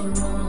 tomorrow.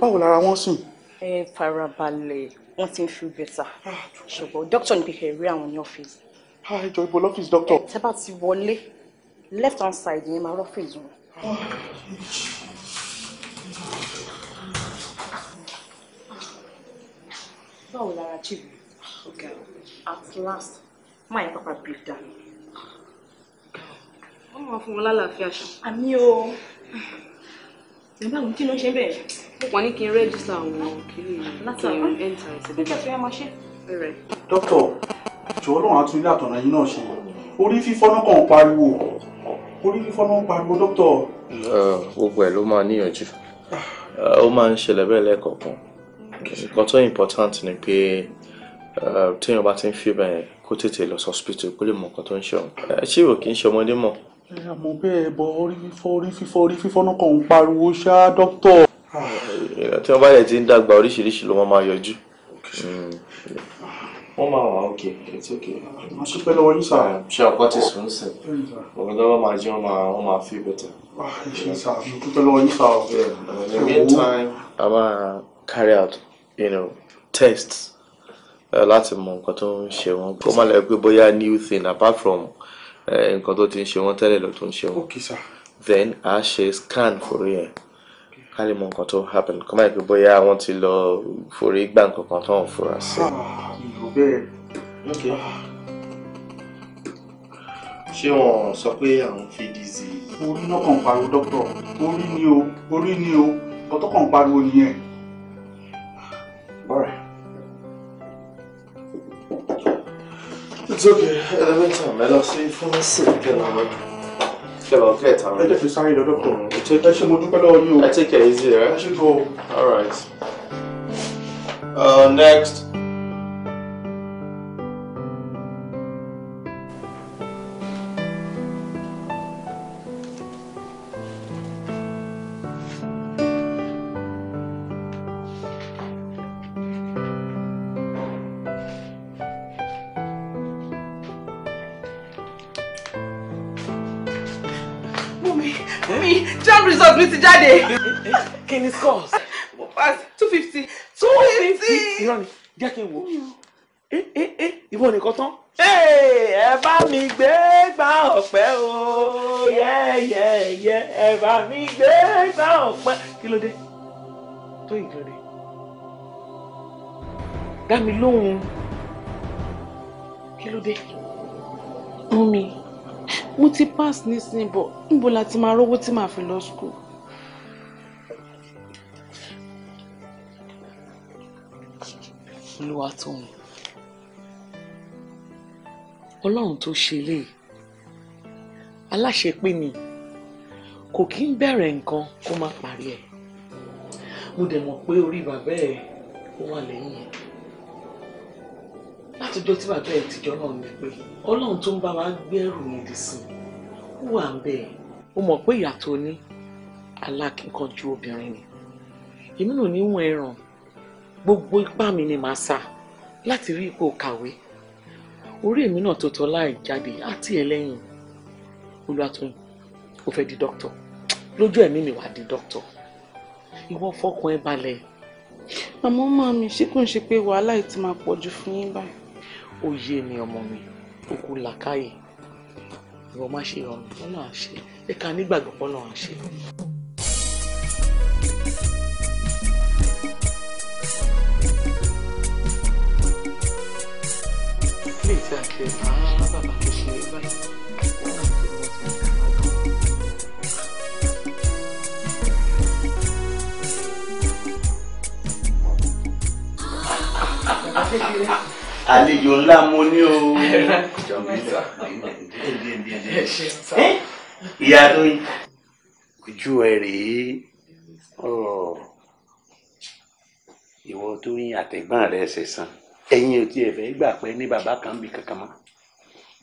báwo lára wọn sùn. ẹ farabalẹ̀ wọ́n ti ń feel better ah, ṣùgbọ́n dókítà ní kékeré rí àwọn ní ọ́fíìsì. Ah, ẹ jọ ibo lọ́fíìsì dókítà. ẹ tẹ́ ti wọlé left hand side yẹn máa rọ́fíìsì wọn. báwo lára chief okay at last máa yẹ pápá break down. wọ́n máa fún wọn lálàáfíà ṣá. àmì o ẹ báwo kí ló ṣe bẹ́ẹ̀ wọ́n ní kí n rẹ́jísà àwọn kìíní kí n ẹ́ńtà ìṣẹ́jú. dókítà jọ̀ọ́ ọlọ́run á tún ilé àtọ̀nà yín náà ṣe orí fífọ́ náà kàn ń pariwo orí fífọ́ náà ń pariwo dókítà. Uh, gbogbo ẹ̀ ló máa níyànjú uh, ó máa ń ṣẹlẹ̀ bẹ́ẹ̀ lẹ́ẹ̀kọ̀ọ̀kan nǹkan tó important ni pé uh, téèyàn bá ti ń fi bẹ́ẹ̀ kó tètè lọ sọ́spítù kó lè mọ nǹkan tó ń ṣe òun ẹ ṣé ìwò kì í ṣe ọmọdé mọ̀. ẹ àmọ́ bẹ́ẹ̀ bọ orí fífọ́ orí fífọ́ orí fífọ́ náà kàn ń pariwo ṣáá dókítà tí wọ́n bá yẹ ti ń dàgbà oríṣiríṣi ló máa yọjú. Mm. wọ́n máa wà ok it's ok. mo ṣúpẹ́ lọ́wọ́ yín sáà. ṣé ọkọ ti sùn sìn òun lọ́wọ́ máa jẹ́ wọ́n máa fi bẹ̀tẹ̀. ṣe sáà mo dúpẹ́ lọ́wọ́ yín sáà. in the carry out you know, tests eh, láti mọ nǹkan tó ń ṣe wọn kó má lè pé bóyá new thing apart from eh, nǹkan tó ti ń ṣe wọn tẹ́lẹ̀ ló tó ń ṣe wọn then a ṣe scan for yẹn ká lè mọ nǹkan tó happen kó má yẹ bóyá wọ́n ti lọ forí gbà nǹkan kan tó ń fura sí. Ah, ah. ṣé wọn sọ pé àwọn fi dìzì. orí náà kàn pariwo dókítà orí ni o orí ni o ọtọ kàn pariwo nìyẹn. it's okay elemental mẹ́lọ sí fún sí kẹ́lá mẹ́lọ ṣe lọ get am. ẹ jẹ́ fi sáré lọ dọ́kítọ̀ mm. ẹ ṣe mo dúpẹ́ lọ́wọ́ yìí o. ẹ take it easy ẹ. ṣe gan all right. Uh, next. mi ti jáde. kí scores. mo pass two fifty. two fifty. irọ́ ni jẹ́ kí n wò ìwọ nìkan tán. ẹ bá mi gbé gbá ọ̀pẹ o yẹ́yẹ́yẹ́ ẹ bá mi gbé gbá ọ̀pẹ. kí ló dé tó ìgbèrè dá mi lóhùn kí ló dé. mú mi mo ti pass nísìnyí bọ̀ níbo la ti máa rówó tí màá fi lọ school. olúwa tó ń ọlọ́run tó ṣe léyìí aláṣepé ni kò kí ń bẹ̀rẹ̀ nǹkan kó má parí ẹ̀ mo dẹ̀ mọ̀ pé orí bàbá ẹ̀ ó wà lẹ́yìn ẹ̀ látọjọ́ tí bàbá ẹ̀ tìjọ́ náà ní pé ọlọ́run tó ń bá wa gbẹ́rù yẹn dì sí ó wà ń bẹ̀ ó mọ̀ pé ìyàtọ̀ ní alákínkanjú obìnrin ni èmi náà níwọ̀n ẹ̀ràn gbogbo ipá mi ni màá sa láti rí ipò kàwé orí èmi náà tó tọ́ láì jáde àti ẹlẹ́yìn olùwàtúnyìn ó fẹ́ di dókítà lójú ẹ̀mí mi wà di dókítà ìwọ fọkàn ẹ balẹ̀. àmọ́ máa mi ṣé kò ń ṣe pé wàhálà yìí ti máa pọ̀ jù fún yín báyìí. ó yé mi ọmọ mi ó kú làákàyè ìwọ má ṣe ìrọ̀rùn fún náà ṣe ẹ̀ka nígbàgbọ́ fún náà ṣe àárá bàbá tó ṣe é báyìí. àlejò ńlá mo ní o ìyá tó yí ojú ẹ rèé ìwọ tó yín àtẹ̀gbọ́n rẹ ṣẹ̀san. Eyin ò tiẹ̀ fẹ́ gbà pé ní bàbá kan bí kankan mọ́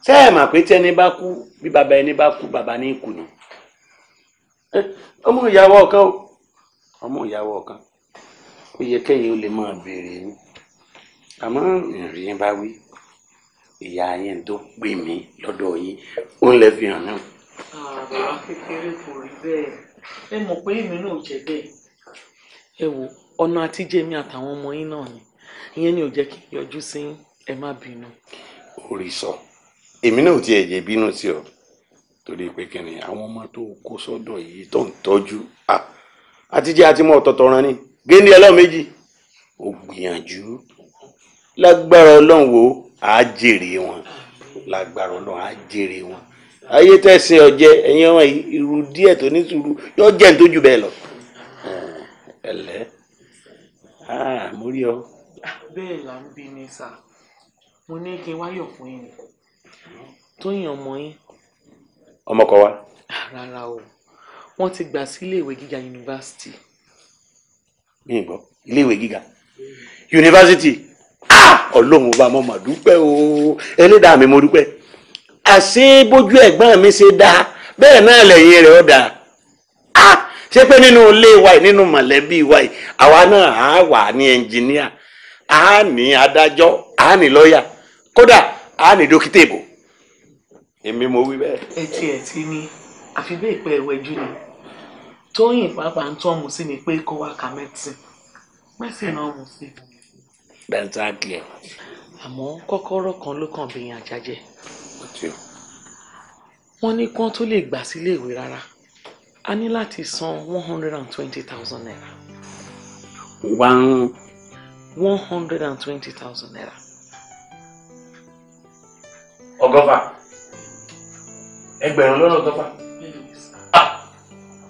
ṣé ẹ mà pé tí ẹni bá kú bí baba ẹni bá kú bàbá ní kù ọmọ ìyàwó ọ̀kan o ọmọ ìyàwó ọ̀kan ó yẹ kẹ́yìn ó lè máa béèrè yín àmọ́ ìrìn bá wí ìyá yẹn tó pè mí lọ́dọ̀ yín ó fi hàn náà. Ah, àbá kékeré kò rí bẹ́ẹ̀ ẹ mọ̀ pé èmi náà wo ọ̀nà àtijẹ́ mi àtàwọn ọmọ yín ìyẹn ni ò jẹ́ kí yọjú sí ẹ má bínú. orí sọ èmi náà ò tiẹ̀ yẹ bínú sí ọ torí pé kí ni àwọn ọmọ tó kó sọ́dọ̀ yìí tó ń tọ́jú àtijọ́ àti mọ́ ọ̀tọ̀ọ̀tọ̀ ran ni géńdé ẹlọ́ méjì ó gbìyànjú lágbára ọlọ́run wo á jèrè wọn lágbára ọlọ́run á jèrè wọn ayé tẹ̀sìn ọ̀jẹ̀ ẹ̀yin ọmọ irú díẹ̀ tó ní sùúrù yóò jẹ́ ní tójú bẹ́ẹ̀ lọ ẹ̀lẹ́ mo rí ọ bẹ́ẹ̀ là ń bí ni sà mo ní kí n wáyọ̀ fún yín ni tóyìn ọmọ yín. ọmọ kan wá. Ah, rárá o wọ́n ti gbà sí iléèwé gíga yunifásitì. mi ì gbọ́ iléèwé gíga yunifásitì ah! ọlọ́run ọba mo mà dúpẹ́ o ẹlẹ́dàá mi mo dúpẹ́ àṣé bójú ẹ̀gbọ́n mi ṣe dáa bẹ́ẹ̀ náà lẹ́yìn rẹ̀ ó dáa ah! ṣé pé nínú ilé wa yìí nínú mọ̀lẹ́bí wa yìí àwa náà á wà ní ẹnjìníà a ní adájọ́ a ní lọ́ọ̀yà kódà a ní dókítà ìbò èmi mo wí bẹ́ẹ̀. ẹ ti ẹ ti ní àfi bẹ́ẹ̀ pẹ́ ẹ̀wẹ́jú ni tóyìn pàápàá ń tọ́ ọmọ sí ni pé kó wá ka mẹ́tì mẹ́sì náà mọ̀ sí. dáńtà kìí. àmọ́ kọ́kọ́rọ́ kan ló kàn bí yan àjájẹ́. wọ́n ní kán tó lè gbà sílé ìwé rárá a ní láti san one hundred and twenty thousand naira. one one hundred and twenty thousand naira. ọgọ́fà ẹgbẹ̀rún lọ́nà ọgọ́fà.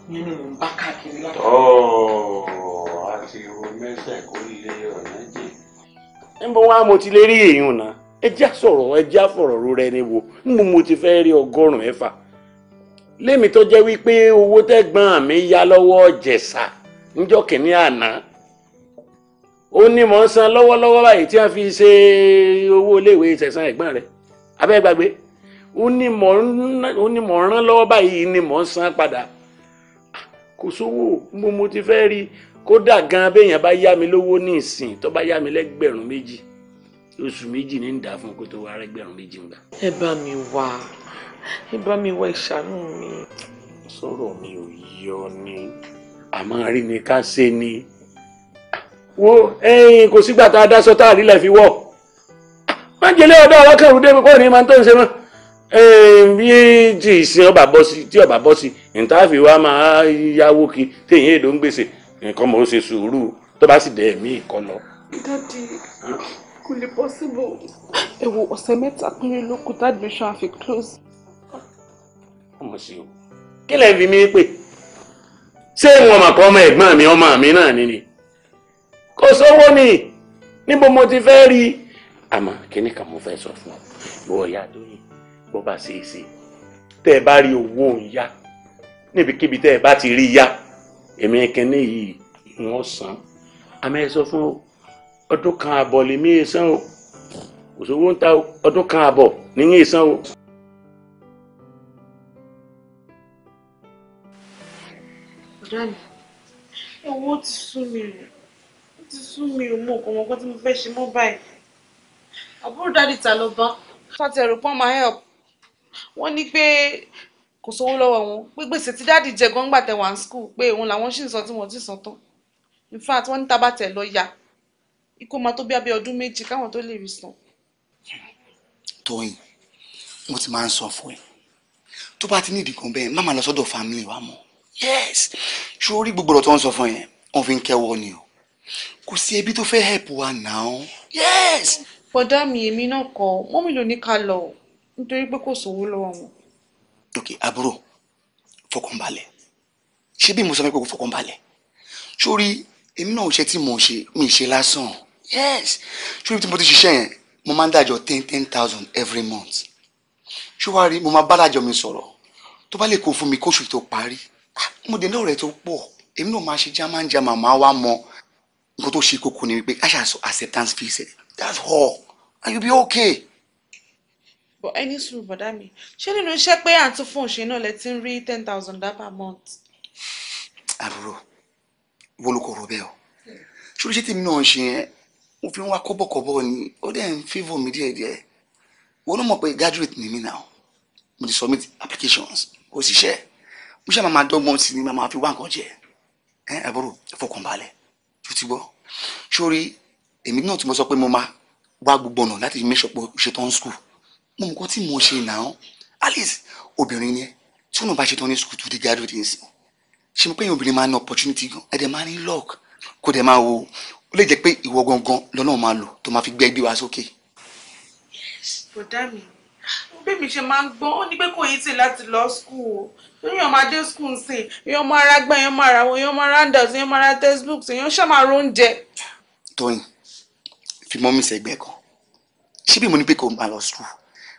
yẹn ni mò ń bá káàkiri láti. ọ̀ọ́ àti ìwọ mẹ́sẹ̀ kó lè ọ̀nà jẹ. níbo wá mo ti lè rí èèyàn náà ẹ já sọ̀rọ̀ ẹ já fọ̀rọ̀ rora ẹni wo níbo mo ti fẹ́ rí ọgọ́rùn-ún ẹ̀fà lémi tó jẹ́ wípé owó tẹ́gbọ́n mi yá lọ́wọ́ jẹ̀sà níjọ́ kìíní àná ó ní mọ̀ ń san lọ́wọ́lọ́wọ́ báyìí tí wọ́n fi ṣe owó iléèwé ìtẹ̀sán ẹ̀gbọ́n rẹ̀ abẹ́ gbàgbé ó ní mọ̀ ń rán lọ́wọ́ báyìí ni mọ̀ ń san padà kò sówó mo mo ti fẹ́ rí kódà gan béèyàn bá yá mi lówó ní ìsìn tó bá yá mi lẹ́gbẹ̀rún méjì oṣù méjì ní ń dà fún kó tó rẹ́gbẹ̀rún méjì ńgbà. ẹ bá mi wá ẹ bá mi wá ìṣàánú mi. sọ̀rọ̀ mi ò yọ ni àmọ́ rí ni ká ṣe ni wo ẹyin kò sígbà tá a dá sọ tá a rí lẹ̀ fi wọ̀ má jẹ́ lé ọ̀dọ́ ọlọ́kẹ̀rù dé kó ní máa tó ń ṣe mọ́ bí tí ìsìn ọba bọ́ sí tí ọba bọ́ sí ìtàfi wa máa yáwó kí téèyàn èdò ń gbèsè nǹkan mọ̀ ó ṣe sùúrù tó bá sì dẹ̀ mí ìkọ́ lọ. dádì kò lè possible ẹ wo ọ̀sẹ̀ mẹ́ta péré ló kù admission àfi close. ọmọ sí o kí lẹ́ẹ̀ fi mí pè ṣé ìwọ̀n màkà ọmọ ẹ̀gbọ́n mi ọmọ mi náà ni ni kò sówó ni níbo mo ti fẹ́ rí i àmọ́ kíní kan mo fẹ́ sọ fún ọ ìwọ ìyá àdóyìn bó bá ṣe é ṣe tẹ́ ẹ bá rí owó òun yá níbikíbi tẹ́ ẹ bá ti rí yá èmi kíní yìí wọ́n san àmọ́ ẹ sọ fún ọdún kan àbọ̀ lèmi ẹ san o kò sówó ń ta ọdún kan àbọ̀ níyìn ẹ san o. mi owó ti sú mi rẹ̀ ti sú mi ò mọ nǹkan ọmọkọ tí mo fẹ́ ṣe mọ́ báyìí àbúrò dáàdì ta ló bá fàtẹ rò pọ́n máa help wọ́n ní pé kò sówó lọ́wọ́ wọn pé gbèsè tí dáàdì jẹ gbọ́ngbà tẹ wà ní skul pé òun làwọn ṣì ń sọ tí wọ́n ti sàn tán in fact wọ́n ní tabatẹ̀ lọ ya ikú máa tó bí abẹ́ ọdún méjì káwọn tó lè rí san. Tóyìn wọn ti máa ń sọ fún ẹ tó bá ti ní ìdìkan bẹ́ẹ̀ má máa lọ sọ́dọ̀ family wa mọ́ yes ṣé orí gbogbo ọ̀rọ̀ tó ń sọ fún ẹ wọ́n fi ń kẹ́wọ́ ni o kò sí ẹbí tó fẹ́ help wa náà. yes. bọ̀dá mi èmi náà kọ mọ́mí ló ní ká lọ nítorí pé kò sówó lọ́wọ́ wọn. ok àbúrò fọkànbalẹ̀ ṣé bí mo sọ fẹ́ pé kò fọkànbalẹ̀ sórí èmi náà ṣe tí mo ṣe mi ṣe lásán yes sórí tí mo ti ṣiṣẹ́ yẹn mo máa ń dájọ ten ten thousand every month ṣùwárí mo máa bá dájọ mi sọ̀rọ̀ tó bá lè kó fún mi kóṣù tó parí ah, mo dé náà rẹ̀ tó pọ̀ èmi náà máa ṣe jámánjámá máa wá mọ́ ọ nǹkan tó ṣe kókó ni wípé aṣa sọ acceptance fees that's all and you be okay. but ẹni sùúrù bọ̀dá mi ṣé nínú iṣẹ́ pé àǹtí fún òṣè náà lẹ ti ń rí ten thousand dá per month. àbúrò wo ló kọ ọ̀rọ̀ bẹ́ẹ̀ o ṣòro ṣé tèmi náà ṣe yẹn mo fi ń wá kọ́bọ̀kọ́bọ̀ ni ó dẹ̀ ń favour mi díẹ̀díẹ̀ wo ló mọ̀ pé graduate ni mí náà mo ti submit applications kò síṣẹ́ mo ṣe máa máa dọ́gbọ́n sí ni máa máa fi wá nǹkan jẹ ẹ àbúrò ẹ fọkàn balẹ̀ tó ti gbọ́ sórí èmi náà tí mo sọ pé mo máa wá gbogbo ọ̀nà láti make sure pé o ṣe tán school mo mọ̀ nǹkan mo ṣe nà alice obìnrin yẹn tí òun bá ṣe tán ní school tó di graduate nsìn ṣe mo pé yẹn obìnrin máa ní opportunity gan ẹ̀dẹ̀ máa ní luck kó dẹ̀ máa wo ó lè jẹ́ pé ìwọ gangan lọ́nà máa lò tó máa fi gbẹ́ gbé wa sókè. yes bọ̀dá mi bẹ́mi ṣe máa ń gbọ́n ó ní pé kò yìí tì láti lọ skul o èèyàn máa dé skul nsìn èèyàn máa ra gbẹ́ èèyàn máa ra wo èèyàn máa ra handouts èèyàn máa ra textbooks èèyàn ṣáà máa róúnjẹ. Tóyìn fi mọ́mí sẹ́gbẹ́ kan ṣé bí mo ní pé kò máa lọ skul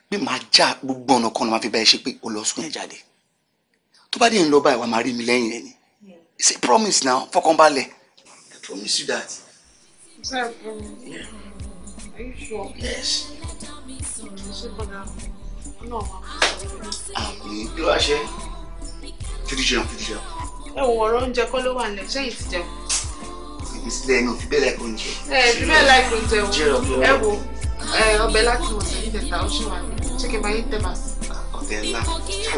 pé máa já gbogbo ọ̀nà kan máa fi bá ẹ ṣe pé o lọ skul yẹn jáde tó bá dé ń lọ báyìí wàá máa rí mi lẹ́yìn ẹ̀ ni it's a promise now fọkànbalẹ̀ I promise you that. Is that a promise? Yeah. Are you sure? Yes. Is it for now? àmì kí ló wá ṣe títí jẹun títí jẹun. ẹ wò ọ̀rọ̀ oúnjẹ kọ́ ló wà nílẹ̀ sẹ́yìn ti jẹun. ìgbé sílẹ̀ ẹnu òfin bẹ́ẹ̀ láìpẹ́ oúnjẹ. ẹ ẹ fi bẹ́ẹ̀ láìpẹ́ oúnjẹ o ẹ wo ọbẹ̀ láti mọ̀ sí ìdẹ̀ta ó ṣe wà ní ṣé kí n bá yín tẹ̀ bá sí. ọbẹ̀ ńlá ṣá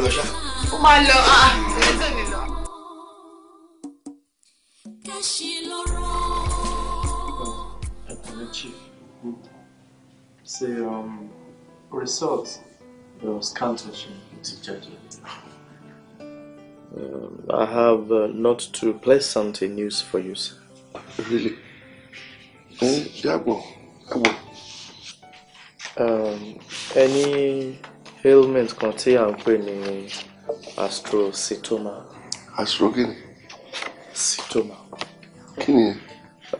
lọ ṣá. ó máa lọ ah, ẹ tẹ̀lé lọ. ẹ tẹ̀lé chief ṣe result. um, I have uh, not too something news for you, sir. Really? Oh, yeah, ailment kan tí Um, any ailment astrocytoma. Astro kí ni? Cytoma.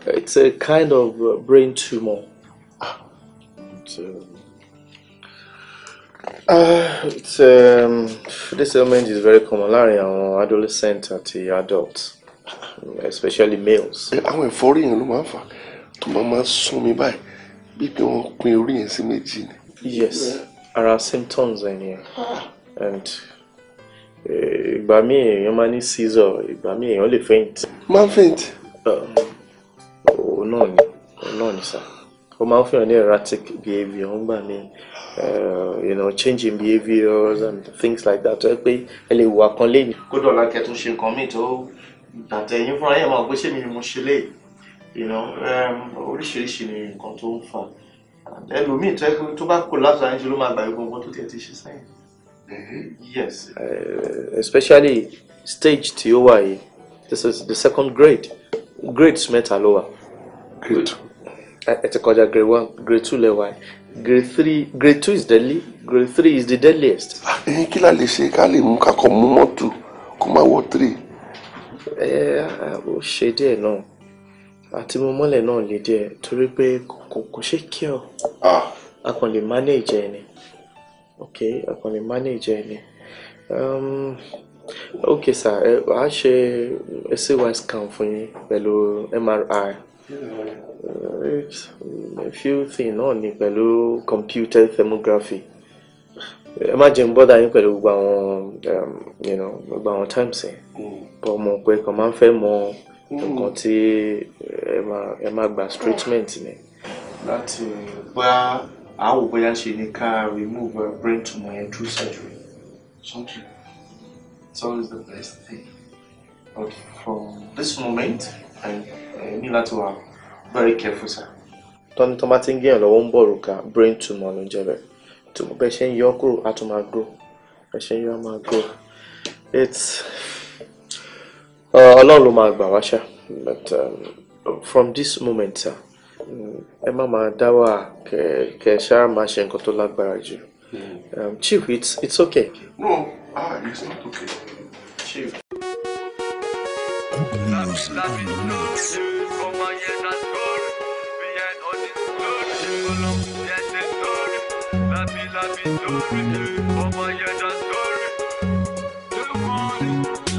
It's a kind of uh, brain tumor. Ah. uh, um, this ailment is very common láàrin àwọn adolescent àti adult especially males. àwọn ẹ̀fọ́rí yẹn ló máa ń fà tó máa máa sún mi báyìí bí pé wọ́n pin orí yẹn sí méjì ni. yes ara symptoms ẹ̀ nìyẹn and eh, ìgbà míì èèyàn máa ní seizure ìgbà míì èèyàn lè faint. máa faint. òun náà ni òun náà ni sir ó máa ń fihàn ní erratic behaviour ń gbà míì. Uh, you know changing in behaviours and things like that ẹ pé ẹ lè wà kan lẹ́yìn. kódà lákẹ́ tó ṣe nǹkan míì tó àtẹ̀yìn fúnra yẹn máa gbé ṣé mi ni mo ṣe lè you know um, oríṣiríṣi ni nǹkan tó ń fà ẹlòmíì tó ẹ tó bá kó láti àyànjú ló máa gbà yín gbogbo tó tiẹ̀ ti ṣe sẹ́yìn. Mm-hmm. yes. Uh, especially stage tí ó wà yìí this is the second grade grades mẹ́ta ló wà. grade two. ẹ ti kọjá grade one grade two lẹ́wà yìí grade three grade two is deadly grade three is the deadliest. ẹyin ah, kí la lè ṣe ká lè mú kakọ mú mọ́tò kó má wọ three. ẹ eh, ó ṣe díẹ̀ náà àti mo mọ́lẹ̀ náà lè díẹ̀ torí pé kò kò ṣe kí ọ ah. a kàn lè manage ẹ ni ok a kàn lè manage ẹ ni um, ok sir ẹ eh, á ṣe ẹ ṣe wise scan fún yín pẹ̀lú MRI. Mm, a few things náà ni pẹ̀lú computer thermography ẹ má jẹun bọ́dà yín pẹ̀lú gbogbo àwọn um, gbogbo àwọn times yẹn mm. bọ́ mọ̀ pé kàn máa ń fẹ́ mọ mm. nǹkan tí ẹ máa gba treatment ni. láti bá àwọn bóyá ṣe ni ká remove uh, brain tumor yẹn through surgery something it's always the best thing but from this moment ẹ ní láti wà very careful sir. tọ́ni tó bá ti ń gẹ̀yàn lọ́wọ́ ń bọ̀ rúkà brain tumor ló ń jẹ́ bẹ́ẹ̀ tó bẹ́ẹ̀ ṣe ń yọ kúrò á tún máa grow bẹ́ẹ̀ ṣe ń yọ á máa grow it's uh, ọlọ́run ló máa gbà wá ṣá but um, from this moment sir ẹ má máa dá wà kẹ kẹ ṣáà máa ṣe nǹkan tó lágbára jù hmm. um, chief it's it's okay. no ah it's not okay chief news on the notes.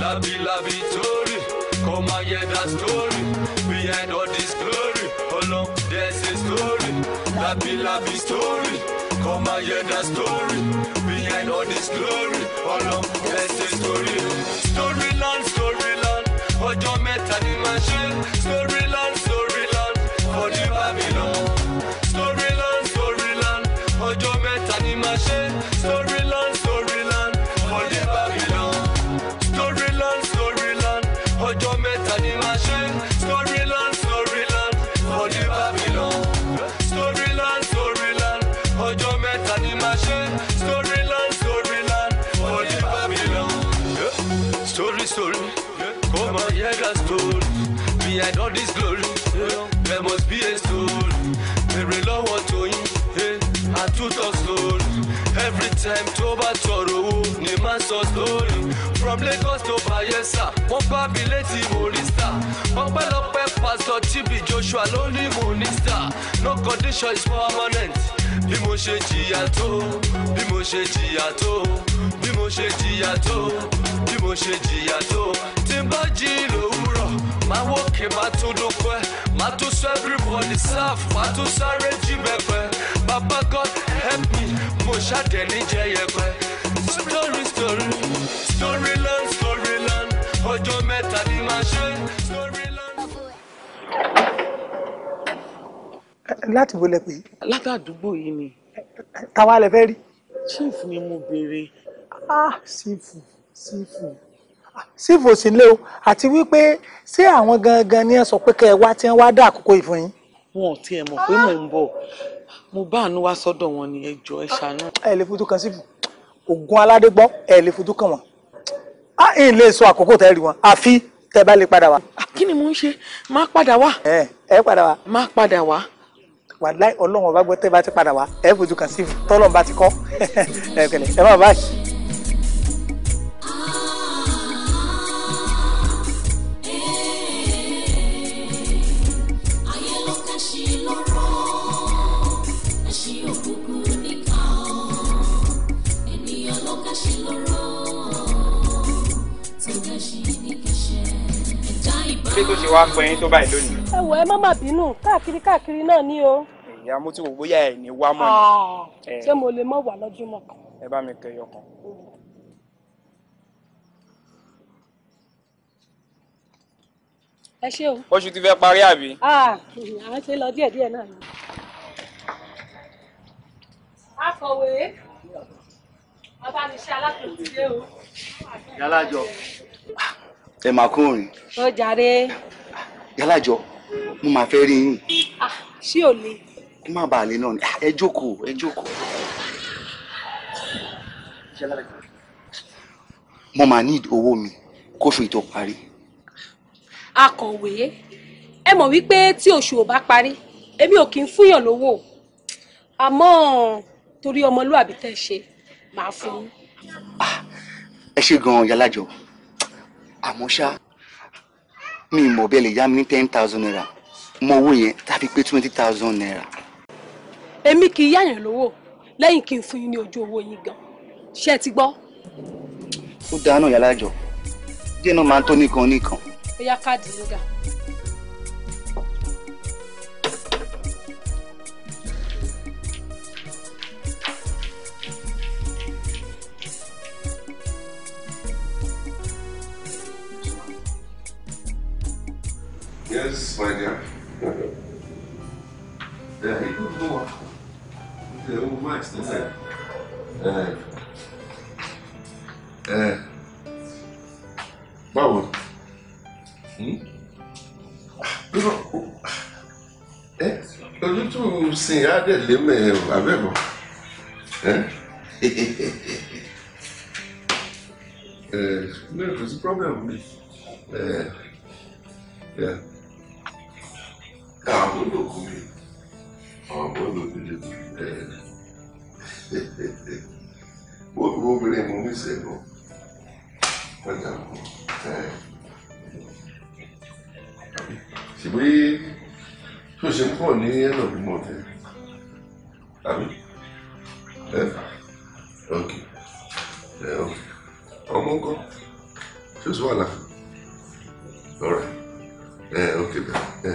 Labi labi tori, come and hear that story. Behind all this glory, along there's a story. Labi labi story, come and hear that story. Behind all this glory, along there's a story. Story. I Ojo meta ni machine, story lance. behind all this glory there must be a soul èrè lọ́wọ́ tóyún àtúntò story every time tó bá tọrọ owó ni má sọ story from Lagos to Bayelsa wọ́n bá mi létí morista ọpẹ́lọpẹ́ pastor Chibi Joshua ló ní morista no condition is permanent bí mo ṣe jìyà tó bí mo ṣe jìyà tó ma woke ma to do kwe ma to so everybody serve ma to sáré jí bẹ́pẹ́ baba god help me mo ṣàdé ní jẹyẹpẹ story story story land story land ọjọ́ mẹ́ta ni màá ṣe láti bo pé. látàdúgbò yìí ni. tàwa fẹ́ rí. chief ni mo béèrè. ah sífù sífù sífò sílé o àti wípé ṣé àwọn gangan ni ẹ sọ pé kẹ ẹ wá tí wọn wá dá àkókò ìfún yín. wọn ò tiẹ̀ mọ̀ pé mò ń bọ̀ mo bá àánú wá sọ́dọ̀ wọn ni ẹ jọ̀ọ́ ẹ ṣàánú. ẹ lè fojú kan sífò ògùn aládé gbọ́ ẹ lè fojú kan wọn a ì lè sọ àkókò tẹ́ rí wọn àfi tẹ́ bá lè padà wá. Ah, kí ni mò ń ṣe máa padà wá. ẹ ẹ padà wá. máa padà wá wàláì ọlọ́run ọba gbọ́ tẹ́ bá ti padà wá ẹ fojú kan sí tọ́lọ́run ṣé tó ṣe wá pẹ́ yín tó báyìí lónìí. ẹ wọ ẹ má má bínú káàkiri káàkiri náà ni o. ìyá mo ti wò bóyá ẹ ní wá mọ́ ni. Ah, ṣé mo lè mọ̀ wà lọ́júmọ́ kan. ẹ bá mi kẹyọ kan. ẹ ṣé o. oṣù ti fẹ́ parí àbí. Ah, àwọn ṣe lọ díẹ̀díẹ̀ náà ni. akọ̀wé ọba mi ṣe alákòóso dé o. yálà jọ ẹ máa kó òrìn. ó jàre. yálàjọ mo máa fẹ́ rí yín. ṣé ò le. kó má bàa lè náà ẹ jókòó ẹ jókòó. mo máa ní owó mi kó fi tó parí. akọ̀wé ẹ mọ̀ wípé tí oṣù ò bá parí èmi ò kì í fúnyàn lówó àmọ́ torí ọmọlúwàbí tẹ́ ṣe màá fún un. ẹ ṣe gan-an yálàjọ àmọ́ ṣá mi mọ̀ bẹ́ẹ̀ lè yá mi ní ten thousand naira mọ owó yẹn tàbí pé twenty thousand naira. èmi kì í yáyàn lówó lẹ́yìn kí n fún yín ní ojú owó yín gan ṣé ẹ ti gbọ́. ó dáná yàrá jọ díẹ̀ náà máa ń tó nìkan nìkan. ó yá káàdì nígbà. É Yes, my dear. Yeah, he could go. The old mice, that's it. Uh, uh, báwo? Olútù sin Adé lémè abẹ́bọ̀. Ẹ ní kò sí problema. É, é káàbọ̀ lókùnrin ọmọ olóbìnrin kò rí bẹ́ẹ̀ ni mo bí obìnrin mo mí sẹ́gun padà mọ́ ṣùgbọ́n tó ṣe pọ̀ ní ẹ̀nà bí mo tẹ̀ àbí ẹ ok ẹ ok ọmọ nǹkan ṣé o sọ wà láàfin ọ̀rẹ́ ẹ eh, ok ẹ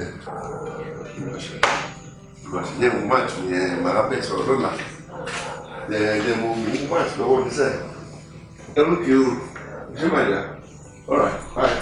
ìbàṣẹ yẹ mo máa tún yẹ màá bẹ sọ̀rọ̀ lọ́nà ẹ ẹ mo mú pàṣẹ lọ́wọ́ níṣẹ́ ẹ ló kí o ṣé màá yà all right bye.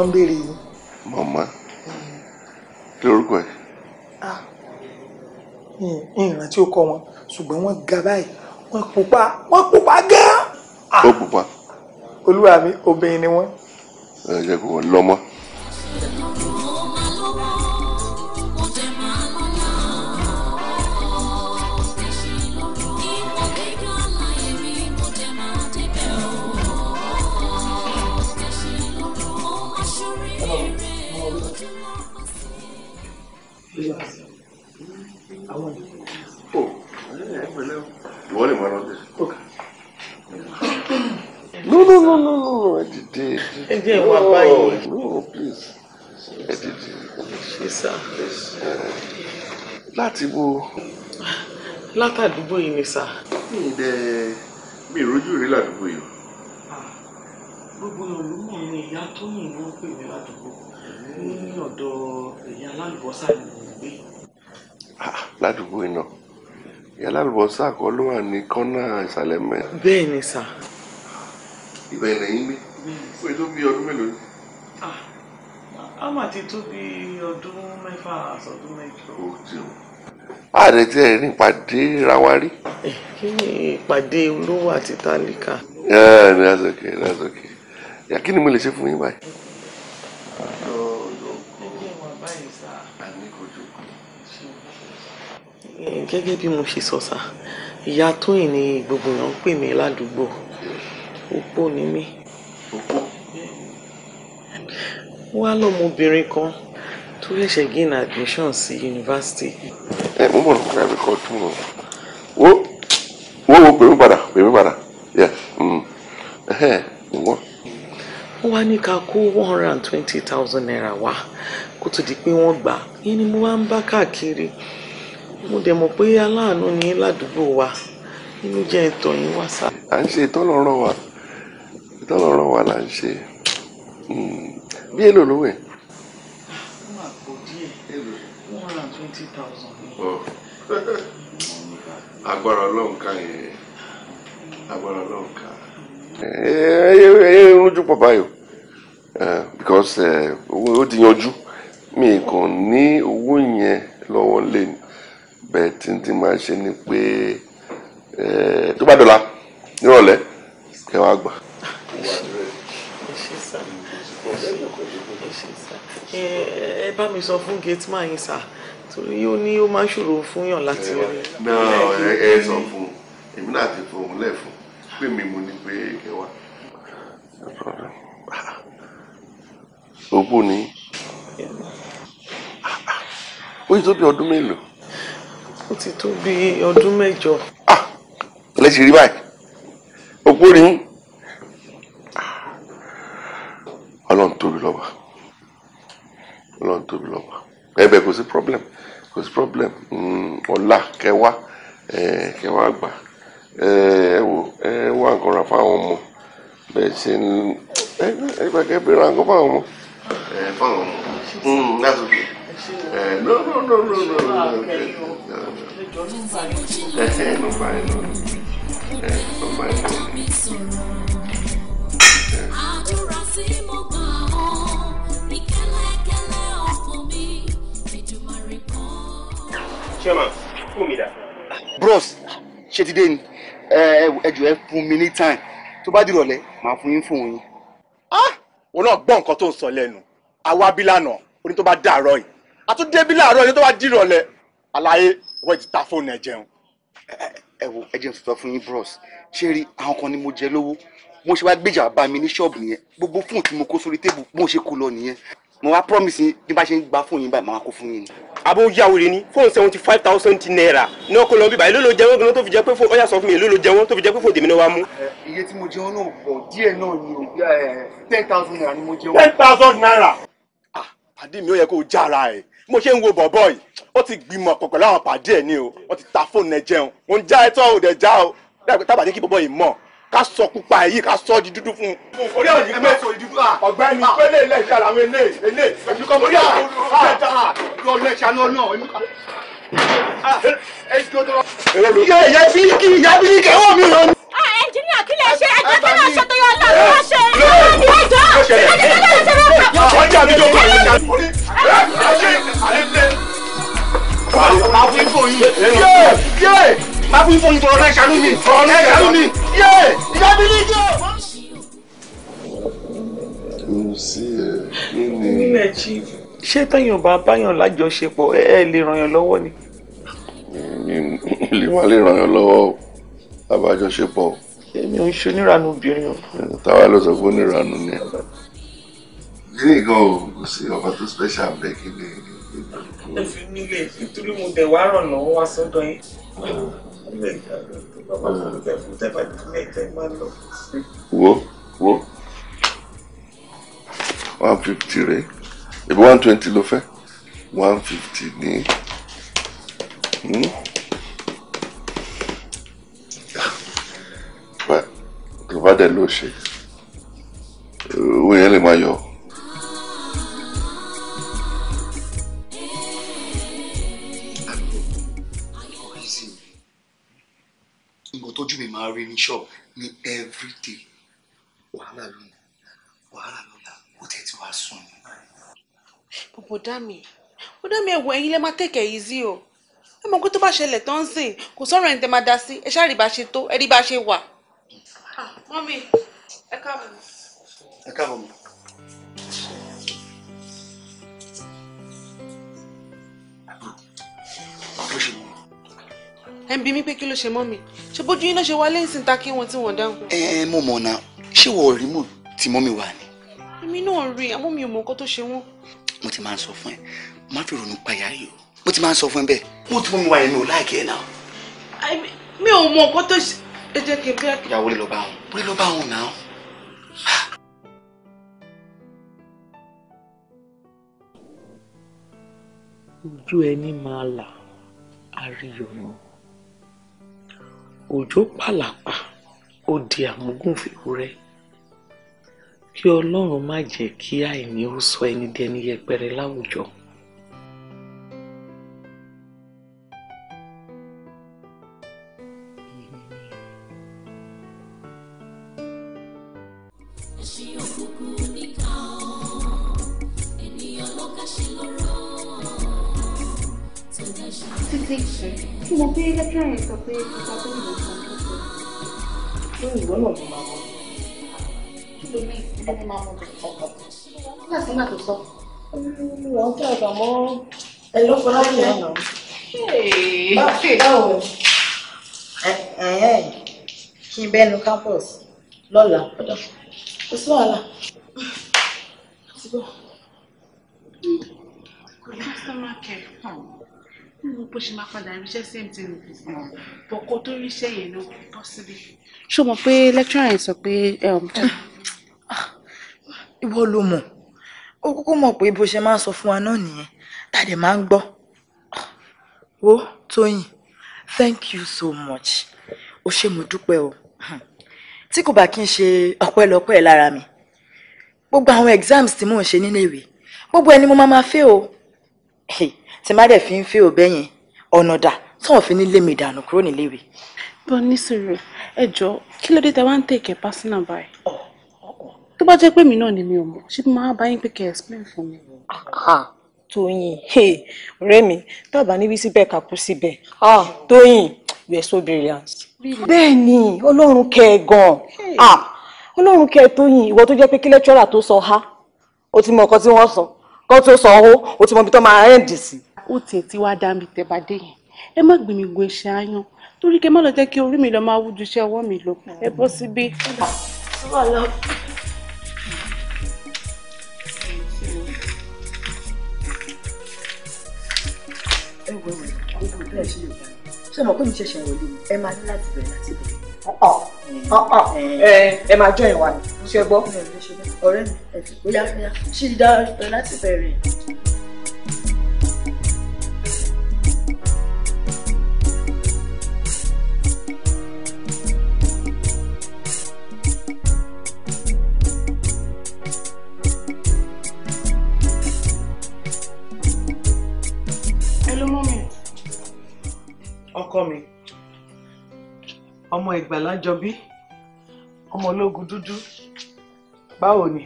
wọn ń béèrè yìí. mọ̀mọ́ hmm. kí lorúkọ ẹ̀. Ah, hmm, hmm, ìrántí ó kọ wọn ṣùgbọ́n wọ́n ga báyìí wọ́n pupa wọ́n pupa gan-an. Ah. ó pupa. olúwa mi obìnrin ni wọ́n. ẹ jẹ́ kó wọ́n lọ́mọ́. àwọn yìí. o ẹ pẹ̀lẹ́ o ìwọ lè mọ ọ lọdẹ. no no no no no ẹ dìde ẹ jẹ́ ìwà báyìí. Oh, no please ẹ dìde. ṣe sá. láti wo. látàdúgbò yìí ni sá. mi ì dẹ mi ì rojú rí ládùúgbò yìí o ah, gbogbo olùmọ̀ ni ìyá tó yìn ní wọ́n pè ní àdúgbò ní ọ̀dọ̀ èyí alágbọ́sà ni Ah, ládùúgbò iná ìyá lálùbọ́sà kọ́ ló wà ní kọ́nà ìsàlẹ̀ mẹ́. bẹ́ẹ̀ ni sà. ìbẹ̀ lẹ́yìn mi pé tó bí ọdún mélòó ni. Ah, a mà ti tó bí ọdún mẹ́fà sọdún mẹ́jọ. ó ti o ààrẹ tí ẹ rí ìpàdé rawari. Eh, kí ni ìpàdé olówó àti tálíkà. Eh, that's okay that's okay kí ni mo lè ṣe fún yín báyìí. gẹ́gẹ́ bí mo ṣe sọ ìyá tóyìn ni gbogbo èèyàn ń pè mí ládùúgbò opó ni mí. wá lọ́mọbìnrin kan tó ṣẹ̀ṣẹ̀ gain admission sí yunifásitì. ẹ mo mọ̀ nípa kan padà padà wá ní ká kó one hundred and tó di pé wọ́n gbà yín ni mo wá ń bá mo dẹ̀ mọ̀ pé aláàánú ni ládùúgbò wa inú jẹ́ ẹ̀tọ́ yín wá sá. à ń ṣe ìtọ́lọ́rọ̀ wa ìtọ́lọ́rọ̀ wa là ń ṣe hmm. bí èlò lówó ẹ̀. ó máa pọ̀ díẹ̀ one hundred and twenty thousand. agbára ọlọ́run ká yẹn agbára ọlọ́run ká. ẹ eh, ẹ eh, eh, pọ̀ báyò because owó ó ti yanjú mi kàn ní owó yẹn lọ́wọ́ lé bẹ́ẹ̀ tí tí máa ṣe ni pé eh, tó bá dọ̀la nírọ̀lẹ́ kẹ́ wàá gbà. ẹ bá mi sọ fún gate man yín sá torí yóò ní ó máa ṣòro fún yàn láti eh, rí. náà ẹ sọ fún èmi náà ti fọhùn lẹ́ẹ̀fún pé mi mo ní pé kẹwàá. ògbó ni ó yẹ tó bí ọdún mélòó ó ti tó bí ọdún mẹ́jọ. ah lẹ́sìn rí báyìí òpó ni ọlọ́run tóbi lọ́wọ́ ọlọ́run tóbi lọ́wọ́ ẹ̀bẹ̀ kò sí problem kò sí problem ọ̀la kẹwàá kẹwàá àgbà ẹ wò ẹ wá nǹkan ra fáwọn ọmọ bẹ́ẹ̀ ṣe ń ẹ ẹ gbàgbé bẹ̀rẹ̀ àǹkọ́ fáwọn ọmọ. ẹ fáwọn ọmọ Uh, no, no, no, no, no, no, no, no, no, no, mind, no, no, mind, Chairman, fún mi dà. Bros, ṣe ti dé ni, ẹ jù ẹ fún mi ní time, tó bá dìrọ̀lẹ́, màá fún yín fún yín. Wọ́n náà gbọ́ nǹkan tó ń sọ lẹ́nu, àwa bí lánàá, oní tó bá dàárọ̀ yìí àtúndébí láàárọ̀ yẹn tó wá dìrọ̀lẹ́ àlàyé wọ́n ti ta fóònù ẹ̀ jẹun. ẹ wo ẹ jẹ́ n sọ fún yín bros ṣé rí àwọn kan ni mo jẹ lówó mo ṣe wá gbèjà bá mi ní ṣọ́ọ̀bù nìyẹn gbogbo fóònù tí mo kó sórí téèbù mo ṣe kó lọ nìyẹn mo wá promise yín bí bá ṣe ń gba fóònù yín báyìí màá kó fún yín ni. àbó yàwòrán ni fóònù seventy five thousand naira náà kó lọ bí báyìí lólo jẹun gan tó fi jẹ pé fóònù ọyà sọ fún mi lólo jẹun tó fi jẹ pé fóònù tèmi náà wá mú. iye tí mo jẹun náà pọ̀ díẹ̀ náà ni o ten thousand naira ni mo jẹun. ten thousand naira. ah pàdé mi ò yẹ kó o jára ẹ̀ mo ṣe ń wo bọ̀bọ̀ yìí ó ti gbìmọ̀ pọ̀ pẹ̀lú àwọn pàdé ẹ̀ ni o wọ́n ti ta fóònù ẹ̀ jẹun mo ń já ẹ tọ́ òde já o dábàá tábà ní kí bọ̀bọ̀ yìí mọ̀ ká sọ pupa ẹ̀ yìí ká sọ di dúdú fún un. orí àwọn yìí pé ọ̀gbẹ́ni pélé ilé iṣẹ́ àwọn ilé ilé èmi kọ́ orí àwọn yọ ilé iṣẹ́ náà náà èmi kọ́. Ah, ìyá bíríkì ìyá bíríkì ẹ̀wọ̀n mi rán. Ah, ẹnjìníà kí lè ṣe ẹjọ́ kí lè ṣètò yọ ọlọ́run wá ṣe ẹjọ́ ẹjọ́ kí lè ṣe ẹjọ́ máa fún ifo yìí yé yé máa fún ifo yìí fọ̀rọ̀ náà ṣàánú mi fọ̀rọ̀ náà ṣàánú mi yé ìyá mi ní jẹ́. mo sí ẹ nínú. nílẹ̀ chief ṣé táyàn bá báyàn lájọṣepọ̀ ẹ ẹ lè ràn yàn lọ́wọ́ ni. lè má lè ràn yàn lọ́wọ́ lábàjọṣepọ̀. èmi ò ń ṣe oníranú obìnrin o. táwa ló sọ pé oníranú ni kíní gan o kò sí ọba tó special bẹ́ẹ̀ kí ni. ẹ fi mí lè nítorí mo dẹ̀ wá rọ̀ lọ́wọ́ wá sọ́dọ̀ yín. wo wo one fifty rẹ ebi one twenty ló fẹ́ one fifty ní. Hmm? tó bá dẹ̀ ló ṣe owó yẹn lè máa yọ. tójú mi máa rí ní ṣọ́ọ̀bù ní everyday wàhálà lónìí wàhálà lọ́la ó tẹ̀ tí wàá sùn. bọ̀bọ̀ dá mi ó dá mi ẹ̀wọ̀ ẹ̀yin lẹ́ máa tẹ̀kẹ̀ yìí sí o ẹ mọ̀ pé tó bá ṣẹlẹ̀ tán sí kò sọ̀rọ̀ ẹni tẹ́ máa dá sí ẹ ṣáà rí bá ṣe tó ẹ rí bá ṣe wà. Ah, mọ́mí ẹ káàbọ̀. ẹ káàbọ̀ mọ́. ẹ ń bi mí pé kí ló ṣe mọ́ mi ṣe bójú iná ṣe wálé ìsìn ta kí wọn tí wọn dáhùn. ẹ ẹ mo mọ̀ náà ṣé wọ́n rí mọ̀ tí mọ́mí wà ni. èmi náà rí àmọ́ mi ò mọ nǹkan tó ṣe wọ́n. mo ti máa ń sọ fún ẹ má fi ronú payá yìí o mo ti máa ń sọ fún ẹ bẹ́ẹ̀ mo ti mọ́mí wà yẹn mi ò láìkẹ́ ẹ̀ náà. mi ò mọ nǹkan tó ṣe ẹ jẹ́ kí n bẹ́ẹ̀. ìyàwó lè lọ bá wọn wọlé lọ bá wọn náà. ojú ẹni máa là á rí ọ̀nà òjò pàlàpà ó di àmúgùnfìwúrẹ́ kí ọlọ́run má jẹ́ kí àìní ó sọ ẹni dẹni yẹpẹrẹ láwùjọ wọ́n ń tẹ̀ ọ̀gá mọ́ ẹ lọ́kọ́ láti yàn náà. báwo kí n bẹ́ẹ̀ nu campus lọ́la padà kò sí wàhálà. kò ní customer care kàn nínú bó ṣe máa padà ríṣẹ́ same thing bọ̀kọ tó ríṣẹ́ yẹn ló bọ́ síbi. ṣé o mọ̀ pé lecturer yẹn sọ pé um, ah, ìwọ ló mọ̀ ó kúkú mọ̀ pé bó ṣe máa ń sọ fún wa náà nìyẹn tá a dẹ̀ máa ń gbọ́ wo Tóyìn thank you so much o ṣé mo dúpẹ́ o hmm. tí kò bá kí n ṣe ọpẹ́lọpẹ́ lára mi gbogbo àwọn exams tí mò ń ṣe níléèwé gbogbo ẹni mo máa máa fẹ́ o tí má dẹ̀ fi ń fẹ́ o bẹ́yẹn ọ̀nà dà tí wọ́n fi ní lé mi dànù kúrò níléèwé. bọ́ nísìnyí ẹ jọ kí ló dé tẹ wá ń tèkẹ́ pásínà báyìí tó bá jẹ́ pé mi náà ni mi ò mọ̀ ṣé mo máa bá yín pé kẹ́ ẹ explain fún mi. Tóyìn ọ̀rẹ́ mi dábàá níbi síbẹ̀ kà kú síbẹ̀ ah, Tóyìn you are so brilliant. bẹ́ẹ̀ ni ọlọ́run kẹ́ ẹ gan-an ah, ọlọ́run kẹ́ ẹ Tóyìn ìwọ tó jẹ́ pé kí lẹ́tírọ̀rà tó sọ ha o ti mọ nǹkan tí wọ́n sọ kó tó sọ ó ó ti mọ ibi tó máa end sí. ó tiẹ̀ ti wá dá mi tẹ́ bá dé yẹn ẹ má gbèmí gun iṣẹ́ aáyán torí kẹ́ má lọ jẹ́ kí orí mi lọ máa wújú iṣẹ́ ọwọ́ mi lọ ẹ bọ́ síbí. ọlọ́run. Ah. ẹ wọ ẹwẹ gbogbo ìbílẹ̀ sí yorùbá ṣé mo kó mi ṣẹ̀ṣẹ̀ wọlé mi ẹ máa ní láti bẹ̀rẹ̀ láti bẹ̀rẹ̀. ẹ máa jọ ìwà ṣe gbọ́. ọ̀rẹ́ mi ẹ bóyá ṣe dá láti bẹ̀rẹ̀. ọkọ mi ọmọ ìgbàlá jọ bí ọmọ ológun dúdú báwo ni.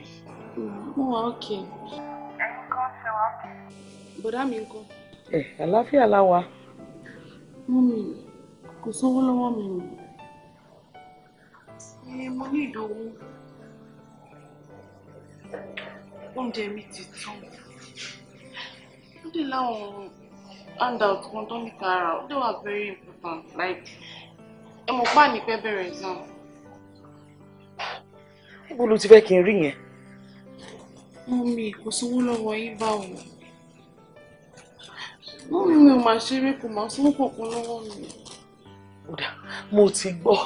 mo wà ókè. ẹ̀yin kan ṣe wá. bọ̀dá mi ń kọ́. ẹ àlàáfíà la wà. mọ́mì kò sówó lọ́wọ́ mi o. ẹ mo ní ìdánwò oúnjẹ mi ti tán ó dé láwọn handout kan tó níta ara ó dé wà very important like ẹ mọ̀ pa ní pẹ́ bẹ̀rẹ̀ exam. níbo ló ti fẹ́ kí n rí yẹn. mọ́mí kò sanwó lọ́wọ́ yín bá òun. mọ́mí mi ò máa ṣeré kò máa sanwó kankan lọ́wọ́ mi. kódà mo ti gbọ́.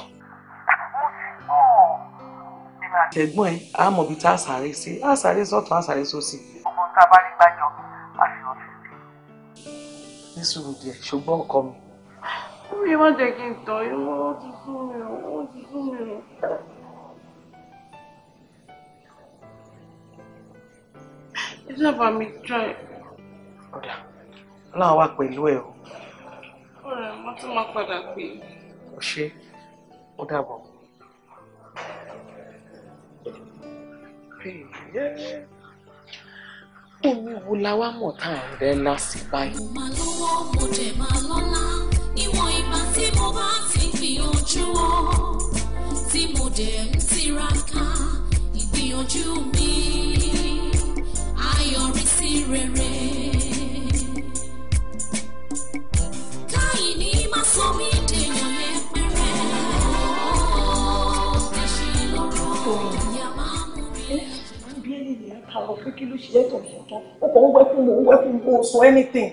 àtẹ̀gbọ́n ẹ̀ á mọ̀ tá a sáré sí a sáré sọ́tún a sáré sósì. ọmọ tá a bá rí gbàjọ ní sùúrù díẹ̀ ṣùgbọ́n ọkọ mi. ó yẹ má jẹ́ kí n tọ́ yín wọ́n ti fún mi wọ́n ti fún mi o. ẹ sábà mi try. ọ̀dà ọlọ́run wà pẹ̀lú ẹ o. ọ̀rẹ́ mo tún máa padà pè é. ó ṣe ó dàbọ̀. Yeah omi wo la wá mọ̀ tá à ń rẹ́ lásì báyìí. mo máa lówó mo dẹ̀ máa lọ́lá níwọ̀n ìgbà tí mo bá ti gbìyànjú ọ tí mo dẹ̀ ń tiraka ìgbìyànjú mi á rere. àrò pé kí ló ṣe é tàn sọ̀tàn ó kàn ń wẹ́kùn mò ń wẹ́kùn mò ń sọ anything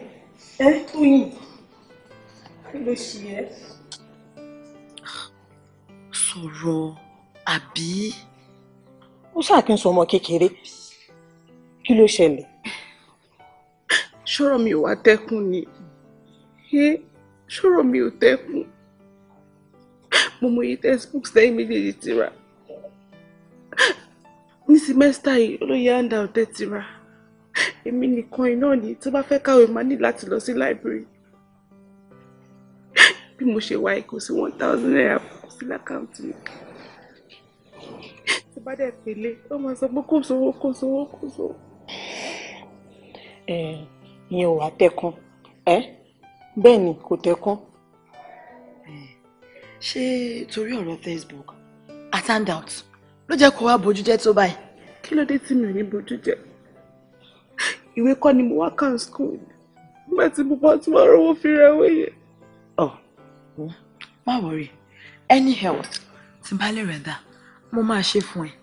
ẹ Tóyìn kí ló ṣe é. sọ̀rọ̀ àbí. ó ṣáà kí n sọ ọmọ kékeré kí ló ṣẹlẹ̀. ṣọ́rọ̀ mi ò wá tẹ́kùn ni ṣọ́rọ̀ mi ò tẹ́kùn mo mọ iye textbooks lẹ́yìn méjèèjì ti ní simẹ́sítà yìí olóyè àǹdà ọ̀tẹ̀ ti ra èmi nìkan iná ni tó bá fẹ́ kàwé máa ní láti lọ sí láìbírì bí mo ṣe wá kò sí one thousand naira kò sí lákàntì mi tó bá dẹ̀ pélé ó máa sọ pé kò sówó kò sówó kò sówó. ẹ ìyẹn ò wá tẹkàn ẹ bẹ́ẹ̀ ni kò tẹkàn. ṣé torí ọ̀rọ̀ Facebook attend out ló jẹ́ kó wá bójú jẹ́ tó báyìí. kí ló dé tí mi ò ní bójú jẹ ìwé kọ́ ni mo wá kàn school nígbà tí mo bá tún wá rówó fi ra owó yẹn. ọ oh, oh, má wọrí any health? tí bá lè rẹ̀ dá mo máa ṣe fún ẹ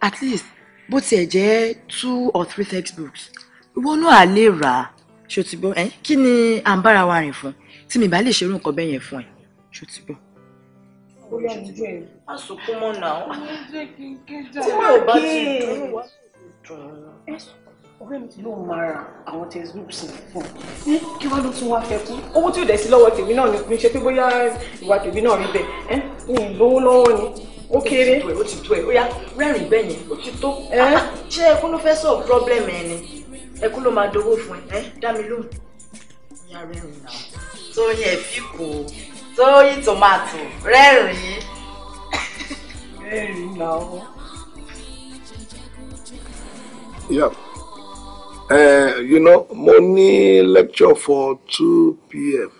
at least bó tiẹ̀ jẹ́ two or three textbooks ìwọ náà lè rà á ṣòtìgbọ́ ẹ kí ni à ń bára wa rìn fún tí mi bá lè ṣerú nǹkan bẹ́ẹ̀ yẹn fún ẹ ṣòtìgbọ́ bóyá ojú ẹ̀. má sunkún mọ́ náà. tí mi ò bá ti dùn wá dùn. ọ̀rẹ́ mi ti lóun máa ra àwọn textbook sí fún un kí wàá ló tún wá fẹ́ kú owó tí ò dẹ̀ sí lọ́wọ́ tèmi náà ni ṣe pé bóyá ìwà tèmi náà rí bẹ́ẹ̀ mi ì lówó lọ́wọ́ ni ó kéré ó ti tó ẹ ó yá rẹ́rìn bẹ́ẹ̀ yẹn ó ti tó ah, ṣé ẹkún ló fẹ́ sọ problem ẹ ni ẹkún ló máa dowó fún ẹ dá mi lóhùn ìyá rẹ́rìn náà tó yẹ fi sórí tòmátò rẹ́rìn-ín. rẹ́rìn yeah uh, you know mo lecture for two pm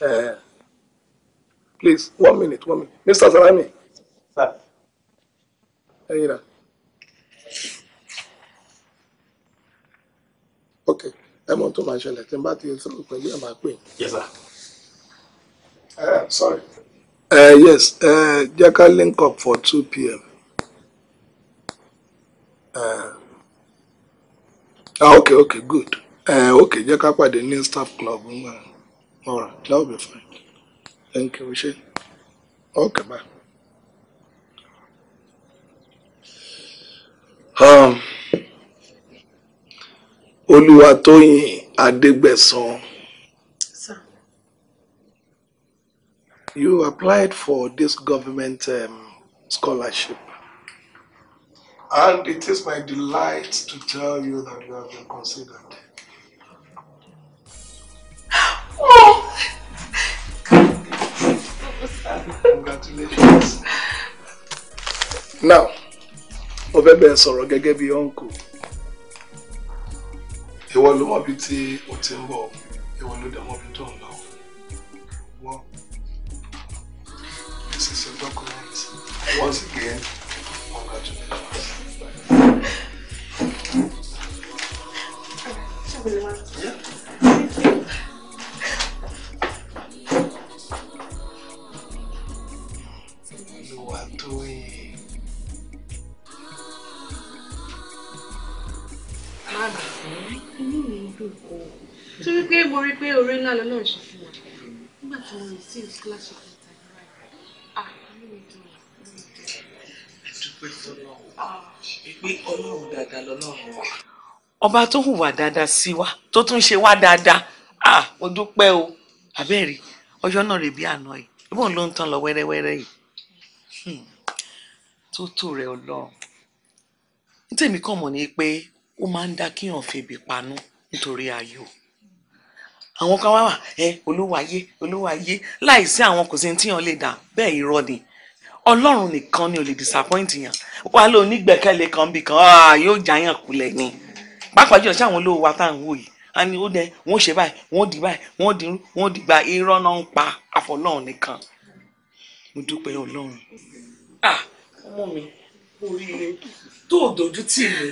uh, eh, please one minute one minute mr salami. sir. ẹ yíra. ok ẹ mọ tó máa ṣẹlẹ̀ tí n bá ti sọ̀rọ̀ pẹ̀lú yes sir. Uh, sorry. Uh, yes, uh, eh, Jaka link up for 2 p.m. Uh, ah, okay, okay, good. Uh, okay, Jaka the new staff club. Mm, all right, that will be fine. Thank you, Oshé. Okay, bye. Um, Olúwatóyìn Adégbẹ̀san. you applied for this government um, scholarship. And it is my delight to tell you that you have been considered. Congratulations. Now, Obebe fẹ́ bẹ̀rẹ̀ sọ̀rọ̀ gẹ́gẹ́ bí uncle. Ìwọ ló mọ̀ bí tí o ti ń bọ̀, ìwọ Once again, congratulations. Yeah. You pé mo rí pé oore ńlá lọ́nà ṣe fún wa nígbà tí mo rìn sí class of dúpẹ́ fọlọ́run pé ọlọ́run dáadáa lọ́lọ́run wa ọba tó hùwà dáadáa sí wa tó tún ṣe wá dáadáa ah mo dúpẹ́ o àbẹ́ẹ̀rí ọjọ́ náà rèé bí àná yìí ibò ló ń tán lọ wẹ́rẹ́wẹ́rẹ́ yìí hmm. tó tó rẹ ọlọ́run nítèmi kàn mọ̀ ni pé ó máa ń dá kíyàn febi panú nítorí ayọ̀ àwọn kan wá wà ẹ olówó ayé olówó ayé láìsí àwọn kò sí ní tíyàn lè dà bẹ́ẹ̀ irọ́ ni ọlọ́run nìkan ni ò lè disappoint yàn wà ló nígbẹ̀kẹ̀lé kan bì kan ah, yóò já yàn kulẹ̀ ni pàápàá jùlọ sí àwọn olówó wa tá à ń wò yìí a ní ó dẹ wọn ṣe báyìí wọn di báyìí wọn di wọn di gba irọ́ náà ń pa àfọlọ́run nìkan mo dúpẹ́ ọlọ́run ah ọmọ mi oríire tó o dojú tì mí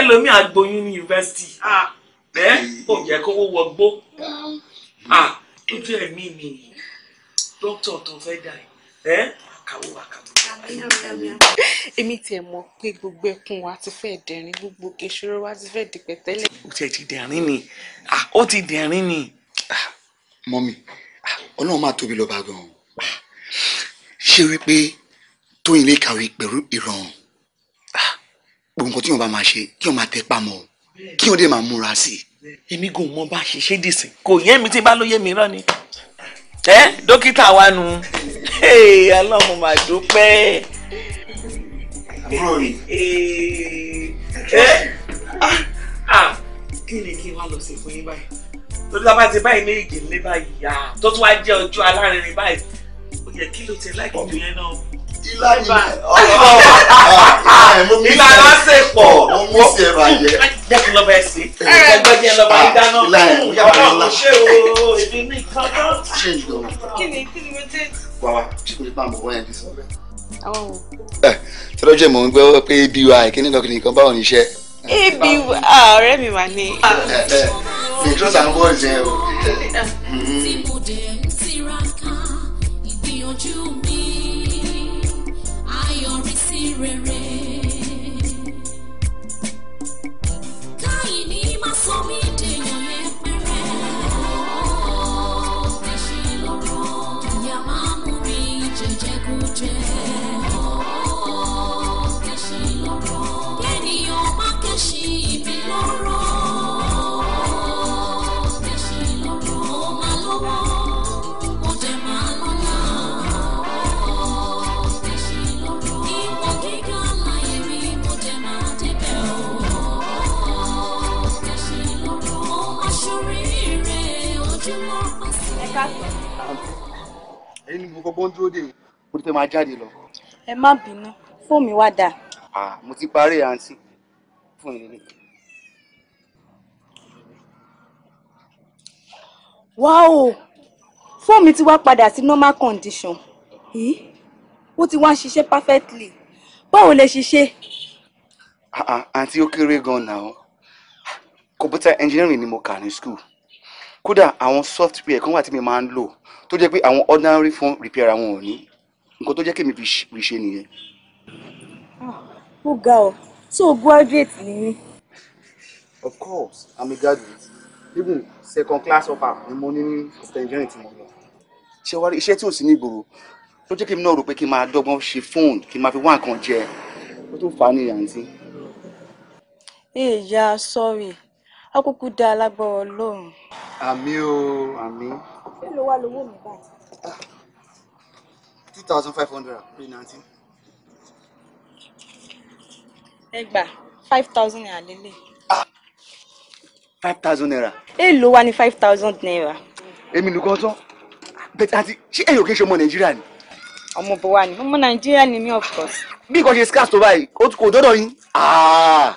ẹlòmíà gboyún ní yunifásitì ah bẹ́ẹ̀ kò jẹ́ kówó wọgbó ah tó jẹ́ ẹ̀mí mi dókítà tó fẹ́ dà èmi tiẹ̀ mọ̀ pé gbogbo ẹkún wa ti fẹ́ dẹ̀rín gbogbo ìṣòro wa ti fẹ́ dìpẹ́ tẹ́lẹ̀. ó tiẹ̀ ti dẹ̀rín ni ó ti dẹ̀rín ni. mọ́mí ọlọ́run máa tóbi lọ́ba gan-an ṣé wípé tóyìn lè kàwé pẹ̀lú ìrọ̀rùn gbogbo nǹkan tí wọ́n bá máa ṣe kí wọ́n máa tẹ́ pamọ́ kí wọ́n dẹ̀ máa múra sí i. èmi kò mọ bá ṣe ṣe dìsìn kò yé mi tí bá ló yé mi rán ni ẹ dókítà wa nu ọlọ́run mà dúpẹ́. àbúrò mi. Ah. Ah, kí ni kí n wá lọ sí fún yín báyìí torí tá a bá ti báyìí méjì ní báyìí ah, tó tún wá jẹ́ ọjọ́ alárinrin báyìí ó yẹ kí ló ti láìpẹ́ jù yẹn náà ilá ni ilá lásèpọ̀ mo sì ẹ̀ bàjẹ́. jẹ́ kí n lọ́ba ẹ̀ sí ẹgbẹ́ jẹ́ lọ́ba yìí ah, dáná ọ̀rọ̀ kò ṣe o èmi ní ìtọ́jú. ṣé n dọ̀ kí ni kí ni mo tẹ́. wàá ṣe kò ní bá mi wọ́n yẹn ti sọ bẹ́ẹ̀. tọ́lọ́jọ́ ìmọ̀ ń gbọ́ pé bí wa ìkíní kan kìnìún kan báwọn níṣẹ́. ebi ah, ọ̀rẹ́ mi wà ní. mi trọ́sà ń bọ̀ ṣe o. Mm-hmm. Mm-hmm. tí mo dẹ̀ ń tiraka ìgbìyànjú mi. èyí ni mo kọ́kọ́ ń dúró dè mo ti fẹ́ máa jáde lọ. ẹ má bínú fóònù mi wá dà. mo ti parí àǹtí fún ìrìnnì. wá o fóònù ti wá padà sí normal condition ó ti wá ń ṣiṣẹ́ perfectly báwo lè ṣiṣẹ́. àǹtí ó kéré gan-an náà kọ̀ǹpútà engineering ni mo kà ní school kódà àwọn software kan wà tí mi máa ń lò tó jẹ́ pé àwọn ordinary phone repair àwọn ò ní nǹkan tó jẹ́ kí mi fi ṣe nìyẹn. Ah, ó ga ọ tó o graduate ni mí. of course i'm a graduate even second class upper ni mo ní ní engineering tí mo lọ. ṣé wàá rí iṣẹ́ tí ò sí ní tó jẹ́ kí mi náà rò pé kí n máa dọ́gbọ́n ṣe fóònù kí n máa fi wá nǹkan jẹ ó tún fà á ní ìyàntí. ẹ eh, ya sorry akúkú dá alágbọ́rọ̀ ọlọ́run. àmì o àmì. kí ló wá lówó mi báyìí. two thousand five hundred three ninety. ẹ gbà five thousand naira lélẹ̀. five thousand naira. èèló wa ni five thousand naira. èmi nìkan tán bẹ́ẹ̀ àti ṣé èyàn kì í ṣe ọmọ nàìjíríà ni. ọmọ bọ̀ wá ni ọmọ nàìjíríà ni mi of course. bí nǹkan ṣe scarce tó báyìí kò dọ́dọ̀ yín. Ah!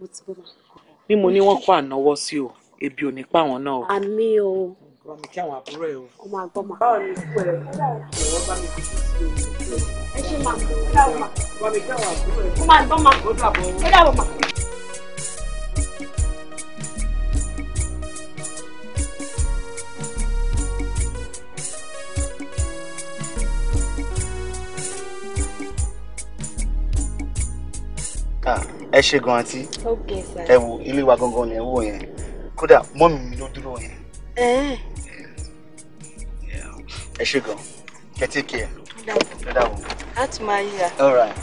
mo ti bọ́ ma. bí mo ní wọ́n kọ́ ànáwọ́ sí o ebi ò ní pa àwọn náà o. àmì o. ọmọ kí àwọn àbúrò ẹ o. ọmọ àgbọ̀ ma. báwo ni ikú ẹ ọ̀rọ̀ bá mi kú sí i. ẹ ṣe máa bọ̀ ọ́ bá mi kí àwọn àbúrò ẹ. ọmọ àgbọ̀ ma. ó dàbọ̀ ó dàbọ̀ ma. ẹ ṣe gan àǹtí ẹ wo ilé wa gangan ni ẹ wò yẹn kódà mọ́mì mi ló dúró yẹn ẹ ṣe gan kẹtí kí ẹ dáwọ. máa yíra. all right.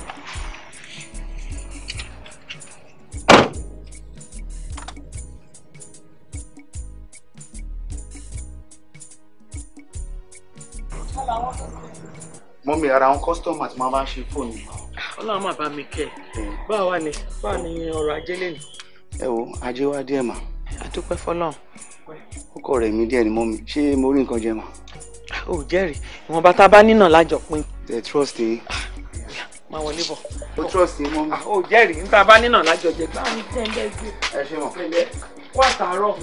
mọ́mì ara àwọn kọ́sítọ́mù àti máa bá ṣe fóònù yìí ọlọ́run má bá mi kẹ́ ẹ̀ báwa wà ní báwa ní ọrọ̀ ajé lè ní. ẹ wo ajé wá díẹ̀ mà. a dúpẹ́ fọlọ́run. ọkọ rẹ̀ mi díẹ̀ ni mọ́ mi ṣé mo rí nǹkan jẹ mà. ò jẹ́rìí ìwọ̀nba tá a bá nínà lájọ pin. ẹ trust yín. Ah, máa wọlé bọ̀. ó trust yín mọ́ mi. ò jẹ́rìí níta bá nínà lájọ jẹ gbáà ní tẹ́lẹ̀ gbé. ẹ ṣe mọ̀. pẹ̀lẹ́ kó àtàárọ̀.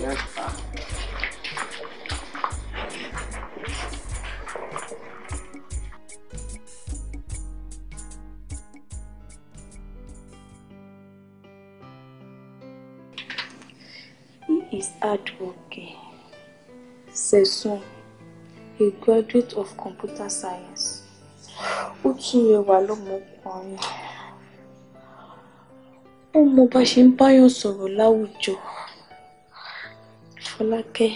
is Adwoke Sẹ̀sùn, a graduate of computer science, ó tún rẹwà lọ́mọkùnrin. Ó mọ bá ṣe ń báyàn sọ̀rọ̀ láwùjọ. Fọlákẹ́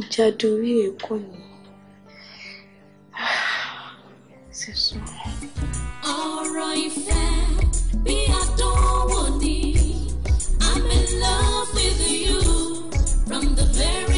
ìjáde orí èkó ni. Sẹ̀sùn. Ọ̀rọ̀ ìfẹ́ bí àdánwò ni I'm in love. there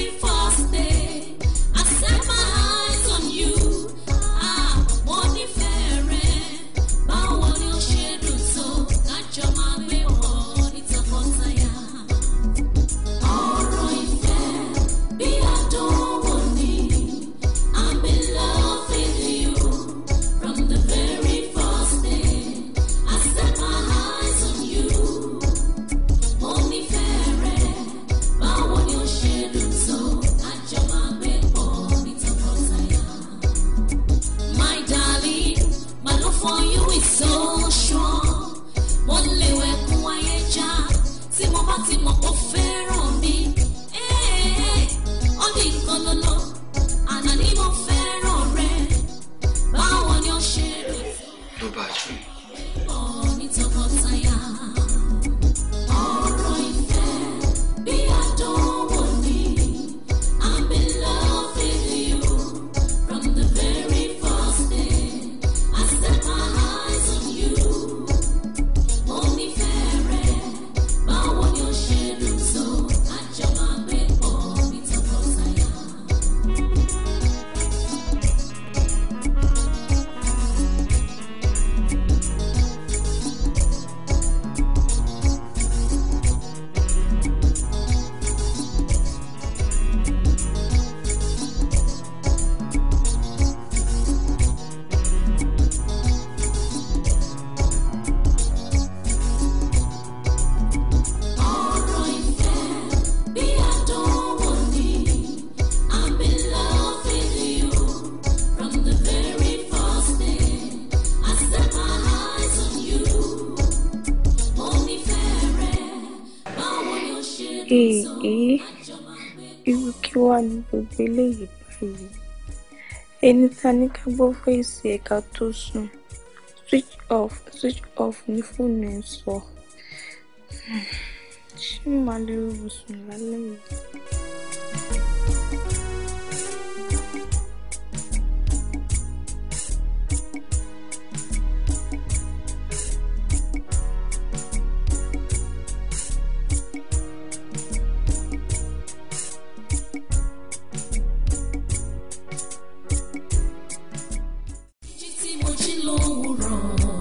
kí wàá ní gbogbo eléyìí báyìí ẹni tá ní ká gbọ́ fèsì ẹ̀ka tó sùn switch off switch off ní fóònù ẹ̀ sọ hmm, ṣé màá lè rọrùn lálẹ́ yìí. wrong.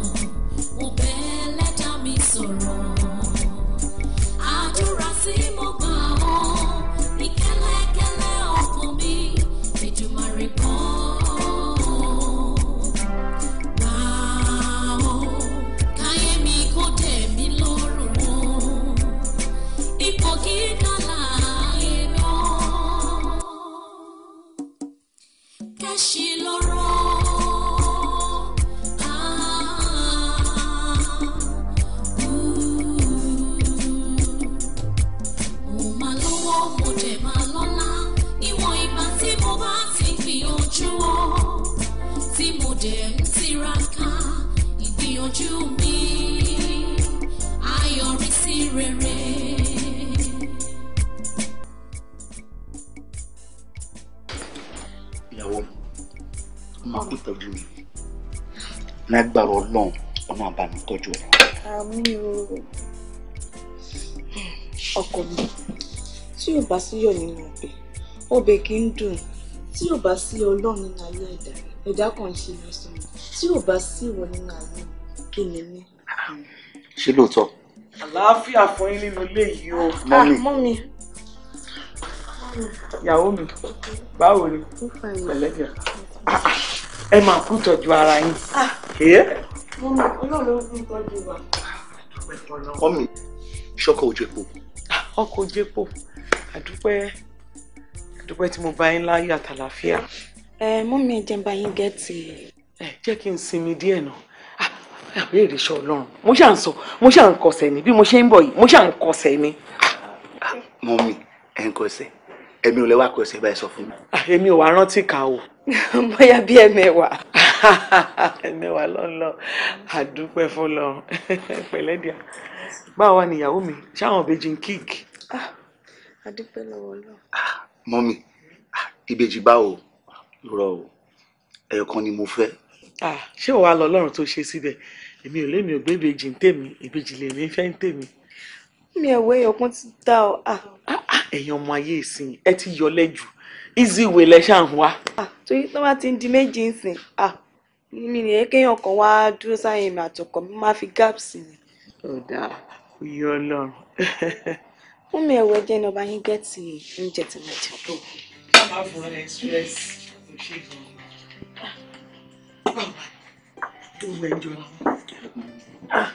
ò bá síyọ̀ nínú ọbẹ̀ ọbẹ̀ kì í dùn tí ò bá sí ọlọ́run nínú ayé ẹ̀dá ẹ̀dá kan ń ṣe lọ́sàn tí ò bá sí ìwọ nínú ayé kí ni mí. ṣé lóòótọ́. àlàáfíà fún yín nínú ilé yìí o. Ah, mọ́mì. ìyàwó mi báwo ni pẹ̀lẹ́jẹ̀ ẹ máa kú tọ́jú ara yín. Ah. mọ́mì ọlọ́run ló ń tọ́jú wa. mọ́mì ṣọ́kọ̀ ojú epo. Ah, ọkọ̀ ojú epo àdúpẹ́ àdúpẹ́ tí mo bá yín láyé àtàlàfíà. ẹ mú mi jẹ́ bá yín gẹ́tì. ẹ jẹ́ kí n sinmi díẹ̀ náà ah, àbẹ̀rẹ̀ ṣọ ọlọ́run mo ṣà ń sọ mo ṣà ń kọsẹ̀ ni bí mo ṣe ń bọ̀ yìí mo ṣà kọsẹ̀ ni. Ah, mọ́mì ẹ̀ ń kọsẹ̀ èmi ò lè wá báyìí sọ fún mi. Ah, èmi ò wá rántí kà o. bóyá bí ẹ̀mẹ̀wàá. ẹ̀mẹ̀wàá lọ́nlọ́ àdúpẹ́ fọlọ́run pẹ̀lẹ́dìá báwa ni ìyàwó mi ṣáwọn bèjì ń kíìkì a dúpẹ́ lọ́wọ́ náà. Ah, mọ́mì ah, ìbejì báwo rọ o ẹ̀ẹ̀kan ni mo fẹ́. Ah, ṣé òun wàá lọ ọlọ́run tó ṣe síbẹ̀ èmi ò lémi ò gbé ìbejì ń tèmi ìbejì lèmi fẹ́ ń tèmi. mi ò wé ọkùn ti dá ọ. ẹ̀yin ọmọ ayé ìsìn ẹ ti yọ lẹ́jù easy way lẹ ṣáà ń wá. torí tó bá ti ń di méjì ń sìn mi nìyẹn kéèyàn kan wá dúró sáyẹn mi àtọkọ mi máa fi gáàpù sí ni. ọ̀dà oyè ọlọ́run. Mummy ẹ̀wẹ̀ jẹ́ ní ọba yín gẹ́ẹ̀tì oúnjẹ tí mo jẹ tó. Má máa fún ẹ stress kò ṣe é gan. Báwa tó wẹ̀ ń eh, jọra wọn.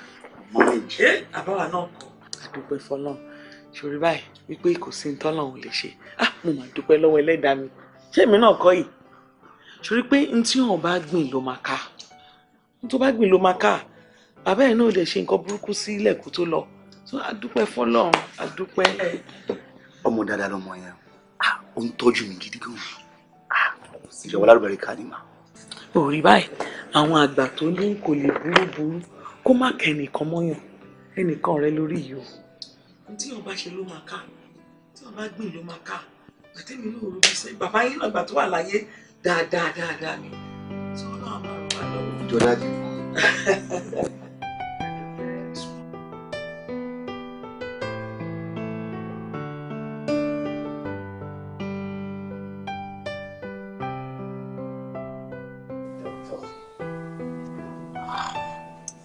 Mọ ìjẹ́ àbáwá náà kọ̀. Àdúpẹ́ fọlọ́n ṣòrí báyìí wípé kò sí ntọ́nà òun lè ṣe. Ah, mo máa dúpẹ́ lọ́wọ́ ẹlẹ́dàá mi. Ṣé èmi náà kọ́ yìí? Ṣòrí pé n tí wọn bá gbìn ló máa ká. N tó bá gbìn ló máa ká. Bàbá ẹ̀ náà lè ṣe nǹkan burúkú sí ilẹ̀kùn tó lọ so adúpẹ́ fọ́lọ́run adúpẹ́. ọmọ dáadáa lọmọ yẹn ah, ó ń tọ́jú mi gidi gan ah, ìjọba alárùbárí ká ní ma. òrí báyìí àwọn àgbà tó ní kò lè burú burú kó má kẹ́nìkan mọ́yàn ẹnìkan rẹ lórí yìí o. tí ọba ṣe ló máa ká tí ọba gbìn ló máa ká àtẹ̀mí náà ò rúbi sẹ́yìn bàbá yín náà gbà tó wà láyé dáadáa dáadáa ni tí wọ́n náà máa rọ̀ wá lọ́wọ́. ìjọba jù.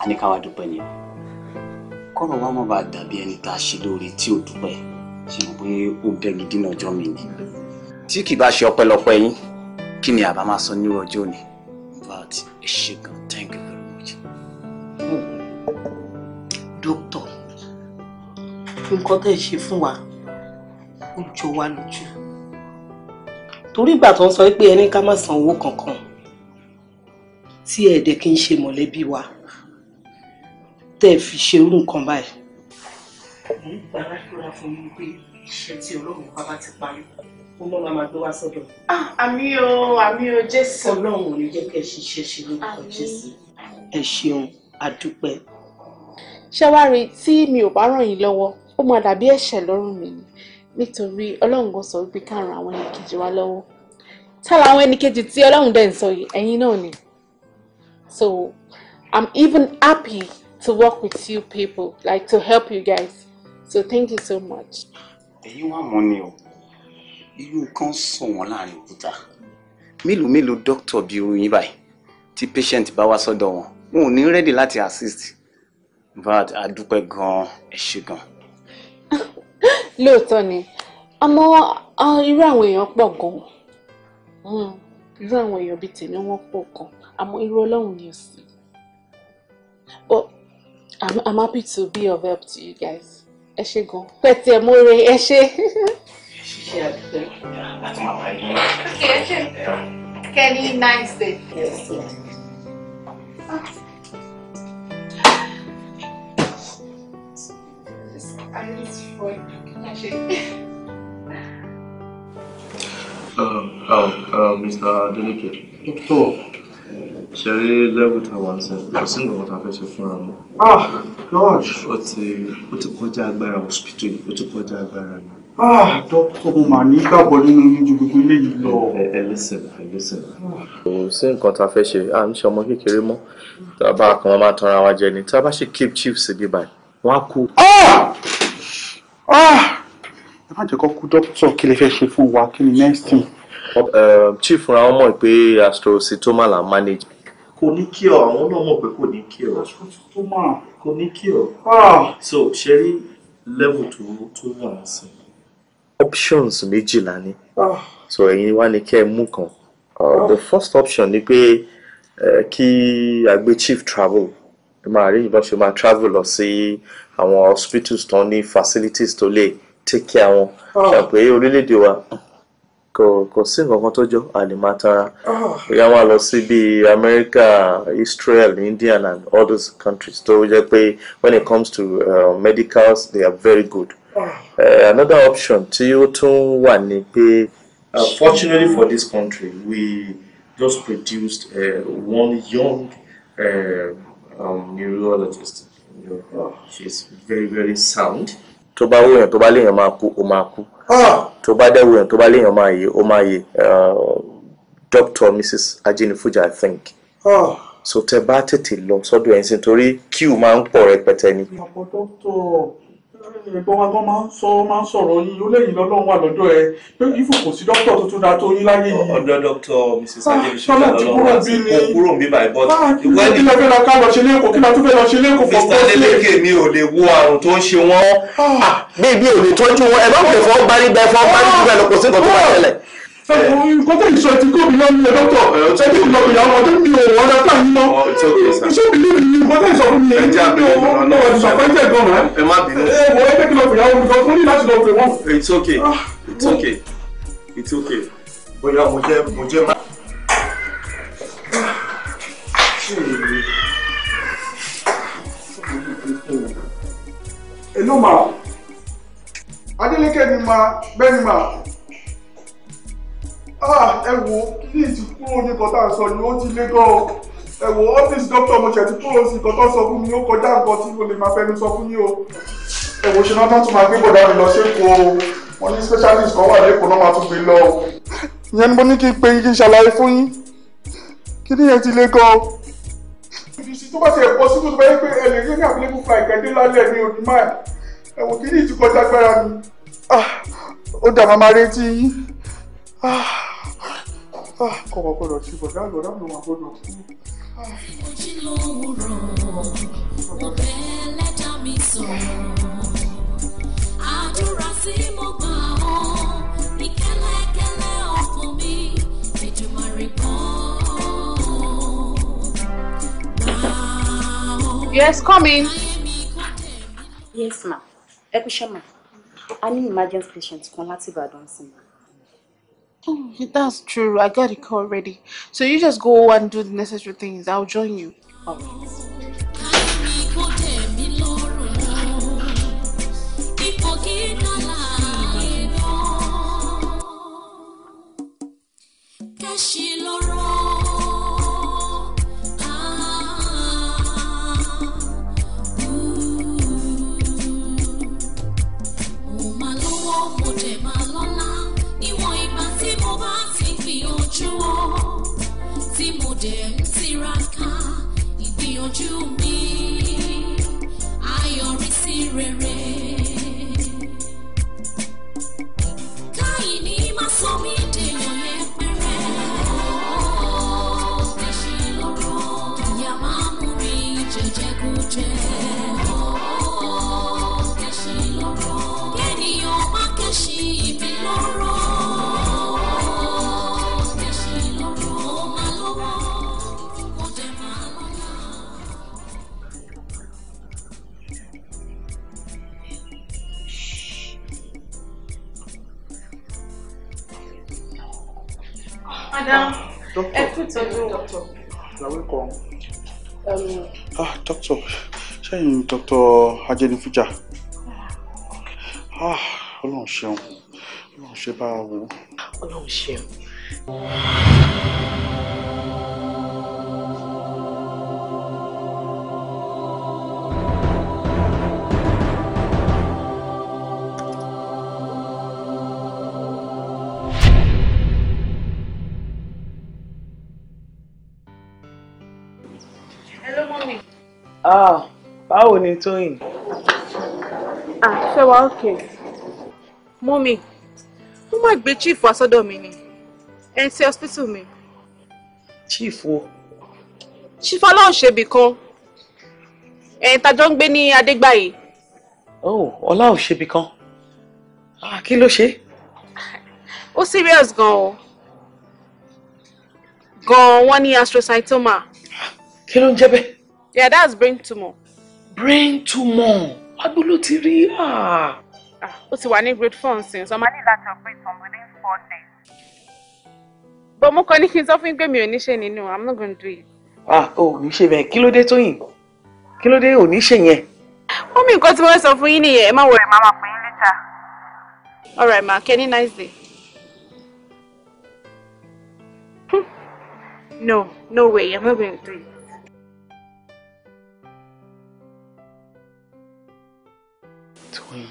a ní ká wá dúpẹ́ ni kọ́rọ̀ wa má bàa dàbí ẹni tá a ṣe lóore tí ò dúpẹ́ ṣe mọ̀ pé ó bẹ́gi dínà ọjọ́ mi ni tí kì bá ṣe ọpẹ́lọpẹ́ yín kí ni àbá máa sọ ní ọjọ́ òní but ẹ ṣe gan thank you very much. dókítà nǹkan tẹ́ ẹ ṣe fún wa ó jọ wá lójú torí ìgbà tó ń sọ pé ẹni ká má san owó kankan tí ẹ̀ẹ́dẹ̀ kì í ṣe mọ̀lẹ́bí wa tẹ́ ẹ fi ṣe irú nǹkan báyìí. mo ń gbàdúrà fún yín pé iṣẹ́ tí ọlọ́run bá bá ti parí ó lọ́la máa gbé wá sọ́dọ̀. Ah, àmì o àmì o jésù. ọlọ́run ò ní jẹ́ kẹ́ ẹ ṣiṣẹ́ ṣe lórúkọ jésù. ẹ ṣeun àdúpẹ́. ṣé wàá rí tí mi ò bá ràn yín lọ́wọ́ ó máa dàbí ẹ̀ṣẹ̀ lọ́rùn mi ni nítorí ọlọ́run kan sọ wípé ká ran àwọn ẹnìkejì wa lọ́wọ́ tá làwọn ẹnìkejì tí ọlọ́run dẹ̀ ń sọ yìí ẹ̀yin náà ni so i'm even happy to work with you people, like to help you guys. So thank you so much. You want money? You o, irú kan sọ wọ́n láàrin òkúta. Mélòó doctor, dókítà bí oyin báyìí tí patient bá wá sọ́dọ̀ wọn, wọn ò ní rẹ́dì assist. But a dúpẹ́ gan-an, ẹ ṣé gan-an. Lóòótọ́ ni, àmọ́ irú àwọn èèyàn pọ̀ gan-an. Hmm, irú àwọn èèyàn bíi tèmi wọ́n pọ̀ gan-an, àmọ́ irú Ọlọ́run ni ò sí. I'm, I'm happy to be of help to you guys. Ẹ go. gan. Pẹ̀tì ẹ̀ mo re ẹ ṣé. Ṣíṣe àdúgbò. Àti nice day. Yes, sir. Ah. I for you. Um, um, uh, um, Mr. Deleke. Doctor. Oh ṣeré level tá a wà ní sẹ́yìn kò sí nǹkan tá a ah gosh. ó ti ó ti kọjá agbára hospital yìí ó ti kọjá agbára mi. ah doctor Manika, mà ní gbàgbọ́ nínú yín ju gbogbo eléyìí listen. ẹ ẹ lẹ́sìn ẹ lẹ́sìn. kò sí nǹkan tá a fẹ́ ṣe à ń ṣe ọmọ kékeré mọ́ tá a bá kan wọn máa tanra wa jẹ ni tá a bá ṣe keep chief síbi báyìí wọn á kú. ah ah ẹ má jẹ́ kó kú dókítà kí lè fẹ́ ṣe fún wa kí ni next thing. Eh, chief fúnra wọn mọ̀ pé astrocytoma là ń manage. kò ní kí ọ àwọn náà mọ̀ pé kò ní kí ọ astrocytoma kò ní kí ọ. Ah! so ṣe level tó tó wà sí. options méjìlá ni ah! so ẹ̀yin wá ní kẹ́ ẹ kan uh, the ah! first option ni pé eh, kí a gbé chief travel máa rí ìbọn ṣe máa travel lọ sí àwọn hospitals to ní facilities to lè take care wọn ṣàpè orílẹ̀-èdè wa kò kò sí nǹkan kan tó jọ àlèmátara ìyá ah. wa lọ sí bíi America Israel Indian and all those countries tó jẹ́ pé when it comes to uh, medicals they are very good uh, another option tí ó tún wà ní pé. Uh, fortunately for this country we just produced uh, one young uh, um, neurologist you know, ah. she is very very sound. tó bá wúyàn tó bá léèyàn máa kú ó máa kú. Ah! tó bá dẹ́wọ̀ yẹn tó bá léèyàn máa yè ó máa yè uh, Dr. Mrs. Ajinifuja I think ah! so tẹ bá tètè lọ sọ́dọ̀ ẹ̀ ń sìn torí queue máa ń pọ̀ rẹpẹtẹ ni ẹ̀gbọ́n wa gan máa ń sọ máa ń sọ̀rọ̀ yín ó lẹ́yìn lọ́lọ́run wà lọ́dọ̀ ẹ pé ifo kò sí dókítà tó tún da tó yín láyé yìí. ọ̀dọ̀ dókítà mrs adébísí lọ́lọ́run wá sí kò kúrò ń bí báyìí bọ́t. ìwé ni kílẹ̀ fẹ́ lọ kí la tún lọ ṣe lẹ́kọ̀ọ́ fọ́ mr adeleke mi ò lè wo àrùn tó ń ṣe wọ́n. bíbí ò lè tọ́jú wọn ẹ bá wọlé fọ́ bá rí bẹ́ẹ̀ fọ́ bá rí bẹ́ẹ̀ lọ kò sí nǹkan tó wà tẹ́lẹ̀ nǹkan tó ti gómìn náà nílẹ̀ dọ́tọ̀ ṣé kí ìlọ ìyàwó ọdún mi ò wọ́n dáta yín lọ iṣẹ́ mi lébi ní nǹkan fún mi èyí mi ò wọ́n náà ẹ̀sùn àfẹ́jẹ́ gan rẹ̀ ẹ má bínú ẹ wọ ẹgbẹ́ kí lọ fi mi kan fún ní láti lọ fi wọ́n. it's okay ah, it's okay it's okay. bóyá mo jẹ mo jẹ má. ẹ ló máa Adeleke ni máa bẹ́ẹ̀ ni máa. Ah, ẹ wò please kúrò ní nǹkan tá à ń sọ yìí ó ti lé gan o ẹ wò ọ́fíìsì dókítà mo ṣẹ̀tì kúrò sí nǹkan tó sọ fún mi ó kọjá nǹkan tí mo lè máa fẹnu sọ fún yín o ẹ wò ṣe náà tó tún máa gbé bọ̀dá mi lọ sékòó wọn ní specialist kan wà lẹ́kọ̀ọ́ náà máa tún gbé lọ o. ìyẹn ni mo ní kí n pe kí n ṣàlàyé fún yín kí ni yẹn ti lé gan o. ìdíṣi tó bá ti ẹ̀kọ́ síbò tó bá yẹ pé ẹ lè ah, ó dà máa máa retí yín. Ah. Ah, kò wọ́n gbọ́dọ̀ sí bọ̀dá àgbọ̀dá mi wọ́n gbọ́dọ̀ Yes, coming. Yes, ma. Ẹ kú ṣẹ́ ma. A ní emergency patient kan láti Ìbàdàn sí Oh, that's true. I got it already. So you just go and do the necessary things. I'll join you. Oh. kẹ́sì lọ́rọ́. dẹ̀ ń tiraka ìgbìyànjú mi àyọrísí rere. so sẹ́yìn dr ajẹnifújà ah, ọlọ́run ṣeun ọlọ́run ṣe bá a wò. ọlọ́run ṣeun. Ah, báwo ni Tóyìn. Ah, ṣé wàá òkè mọ́mì mo máa gbé chief wá sọ́dọ̀ mi ni ẹni tí hospital mi. chief o. chief ọláòṣèbí kan ẹni tájọ ń gbé ní adégbàyè. oh ọláòṣèbí kan ah, kí ló ṣe. ó serious gan o gan wọ́n ní astrocytoma. kí ló ń jẹ́ bẹ́ẹ̀ yeah that's brain tumor. brain tumor agbolo ti rí à. Ah. Ah, ó ti wà ní grade four nsìn so máa ní láti operate on within four days. but mo kàn ní kí n sọ fún pé mi ò ní ṣe nínú i'm not going to do it. ah oh, ò ní ṣe kilo kí to dé Kilo kí ló dé ò ní ṣe yẹn. wọ́n mi nǹkan tí wọ́n sọ fún yín nìyẹn ẹ má wọrẹ̀ máa máa pè yín all right ma kenny nice day. Hmm. no no way i'm not going to do it. fún yín.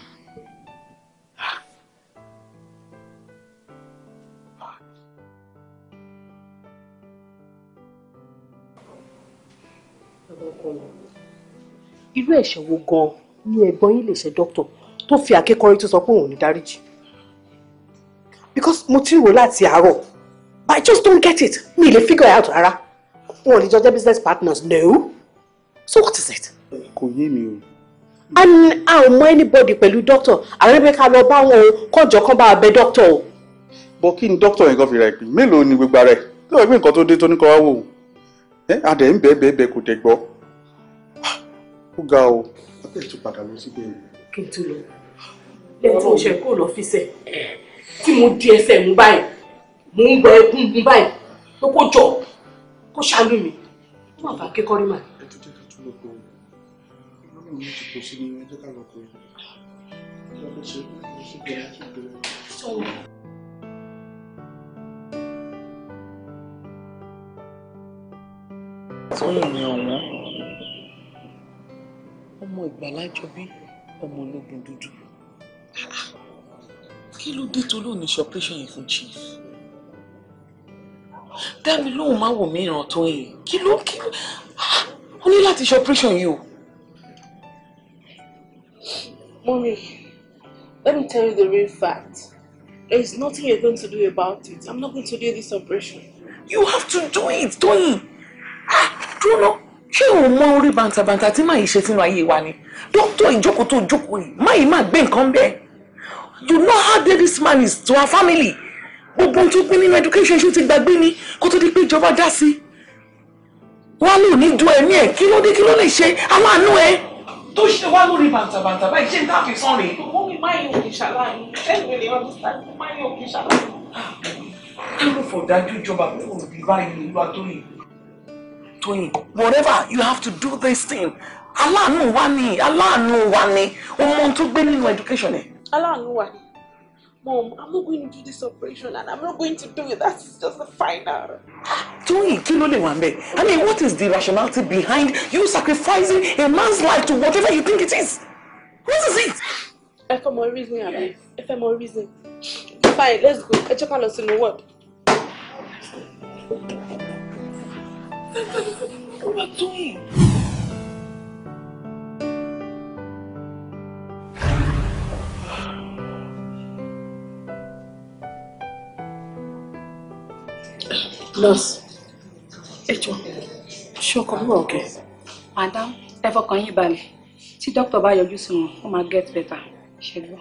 irú ẹ̀ṣẹ̀ wo gan-an ni ẹ̀gbọ́n yín lè ṣe dókítà tó fi àkékọ́rí tó sọ pé òun ní dáríjì because mo ti rò láti àárọ̀ but I just don't get it mi lè figure it out rárá wọn ò lè jọ jẹ́ business partners no so what is it. kò yé mi o a ò mọ anybody pẹ̀lú doctor àwọn ẹgbẹ́ ká lọ bá wọn o kọjọ kan bá abẹ doctor o. bọ kí ni doctor yẹn kan fi ra ìpín mélòó ni gbogbo rẹ tí wọn gbé nǹkan tó dé tó ní kọ wá wò ẹ adẹ ń bẹẹ bẹẹ bẹẹ kò dẹ gbọ́ ó ga o abẹ́ẹ̀ tún padà lọ síbẹ̀ yẹn. kí n tún lọ lẹ́yìn tí mo ṣe kúrò lọ́fíìsẹ̀ tí mo di ẹsẹ̀ mú báyìí mo ń gbọ́ ẹkún mú báyìí pé kó jọ kó ṣàánú mi wọn bá kékọ́rí màá mo ní ti kò sí ní ẹjọ́ ká lọ kúrò ẹjọ́ kò ṣe é kò sí bẹ̀rẹ̀ kí bẹ̀rẹ̀. sọ̀rọ̀. sọ́yìn ni ọ̀wọ́n ọmọ ìgbàlájọbí ọmọ ológun dúdú kí ló dé tó lóun ní ṣọpẹ́ṣọ yẹn fún chief dá mi lóhùn má wò mí tó yẹn kí ló kí ló ó ní láti ṣọpẹ́ṣọ yẹn o. Mummy, let me tell you the real fact. There is nothing you're going to do about it. I'm not going to do this operation. You have to do it, Tony. Ah, Bruno, she will mọ orí bàǹtàbàǹtà tí màá yìí ṣe sínú ayé wa ni? Dókítà ìjókòó tó jókòó yìí, má yìí máa gbé nǹkan bẹ́ẹ̀. You know how dead this man is to our family. Gbogbo ohun tó gbé education She ti gbàgbé ni kó tó di pé ìjọba dá sí. Wọ́n lò ní du ẹ̀mí ẹ̀ kí kilo dé kí ló lè ṣe aláàánú ẹ̀ tó ṣe wá lórí bàǹtàbàǹtà báyìí ṣé n ta fi sán rèé. mo mi máa yọ òkè ṣàlàyé ẹgbẹ́ lè wọ́n mo máa yọ òkè ṣàlàyé. kí ló fọ dájú ìjọba pé òbí báyìí ìlú àtọyìn. Tóyìn whatever you have to do this thing aláàánú wa ni aláàánú wa ni ọmọ tó gbé nínú education ẹ. aláàánú wa ni mom i'm not going to do this operation and i'm not going to do it that is just the final. Ah, doing kí ló lè wà ńbẹ̀ i mean what is the rationality behind you sacrificing a man's life to whatever you think it is what is it. ẹ fẹ́ mọ reason àbí ẹ fẹ́ mọ reason fine let's go ẹ jẹ́ ká lọ sínú ward. what are you doing. Nurse, ẹjọ ṣé ọkọ mi wà òkè. madam ẹ fọkàn yín balẹ̀ tí dókítà bá yọjú sí wọn ó máa get better ṣe gbọ́.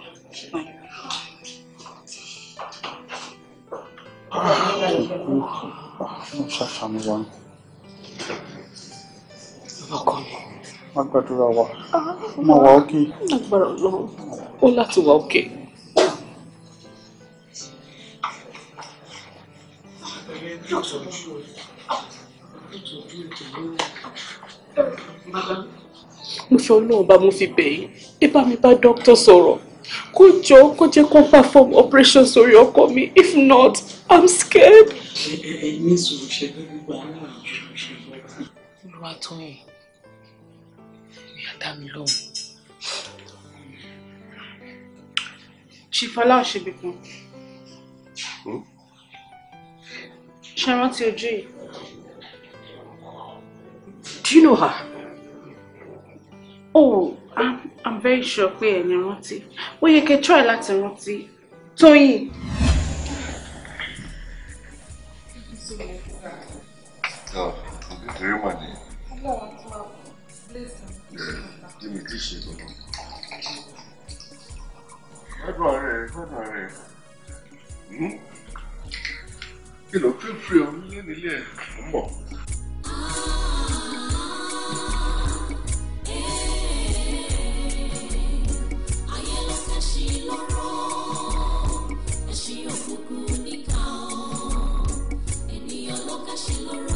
ọkọ mi. wọ́n gbàdúrà wa ọmọ wa òkè. ó láti wà òkè. mo ṣe ọlọ́run bá mo fi bẹ̀ yín ẹ bá mi bá dókítà sọ̀rọ̀ kó jọ kó jẹ́ kó perform operation sórí ọkọ mi if not i'm scared. ẹ̀yin sọ̀rọ̀ ṣe lórí wa náà ṣe lọ́wọ́. olúwa tó yẹn ìyá dá mi lóhùn. chief aláṣẹbìkan hmm? ṣe rántí ojú yìí. do you know her? oh i'm i'm very sure pé ẹ ní rántí ó yẹ kẹ́ try láti rántí Tóyìn. ìrírí oh, hmm? kí ló fi fi omi lé nílé ẹ̀ ń ṣe lọ́rọ̀ ẹ̀ṣin òkùnkùn níkà ọ́ ènìyàn ló kà ṣe lọ́rọ̀.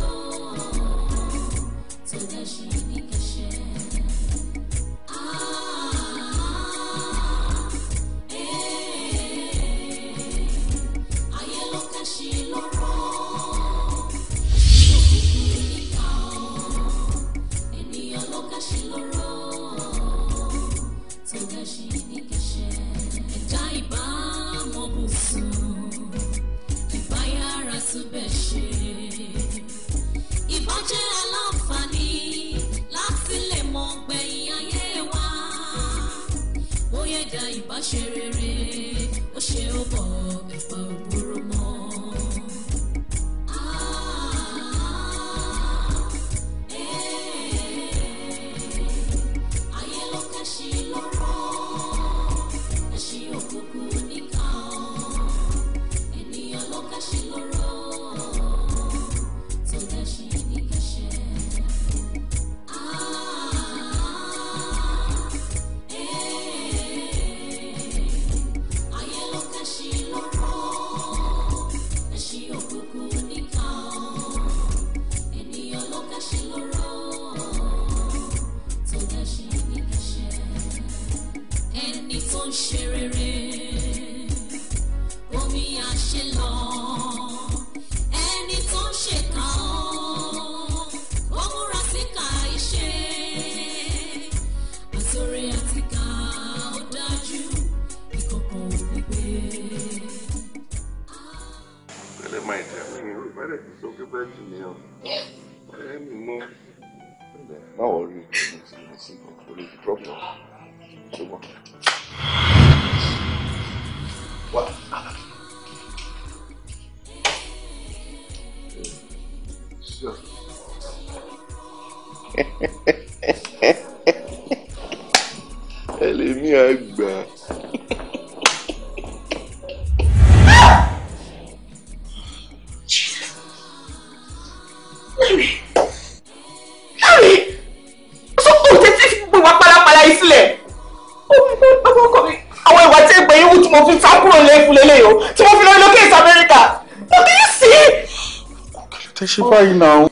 tem tá chip aí não.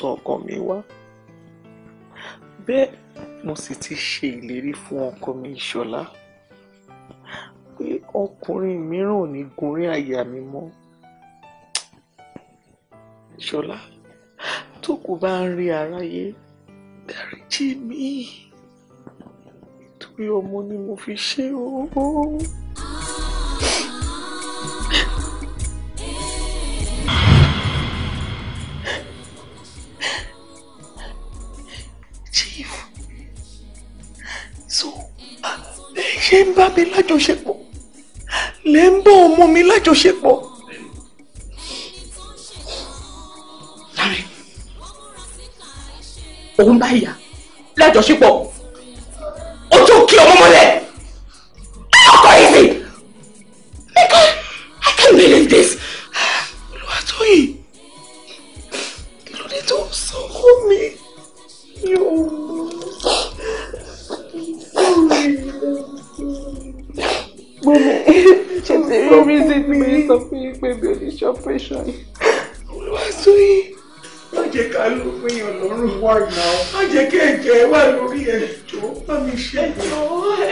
tọ́ ọkọ mi wá bẹ́ẹ̀ mo sì ti ṣe ìlérí fún ọkọ mi ìṣọ̀lá pé ọkùnrin mìíràn ò ní gunrí àyà mi mọ́ ìṣọ̀lá tó kù bá ń rí aráyé dáríjì mí torí ọmọ ni mo fi ṣe ooo. ṣé ń bá mi lájọṣepọ̀ lè ń bá ọmọ mi lájọṣepọ̀. láàrin òun bá ìyá lájọṣepọ̀ ojú kí ọmọ mọ́lẹ̀. operation yìí olúwa sọ yìí má jẹ́ ká ló fún yàn lọ́rùn wá ìná má jẹ́ kí ẹ̀jẹ̀ wà lórí ẹ̀jọ́ bá mi ṣe ẹ̀jọ́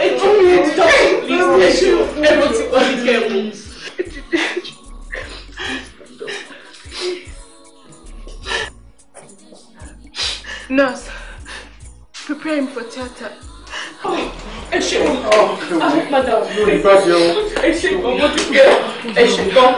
ẹ̀jọ́ mi ti tọ́ ìlú ẹ̀ṣẹ̀ ẹ̀rọ ti wà ní kẹ́hùn. Nurse, prepare him for theatre. Ẹ ṣe wọ́n, madam. Ah, ẹ ṣe wọ́n, mo ti gbé ẹ ṣe wọ́n.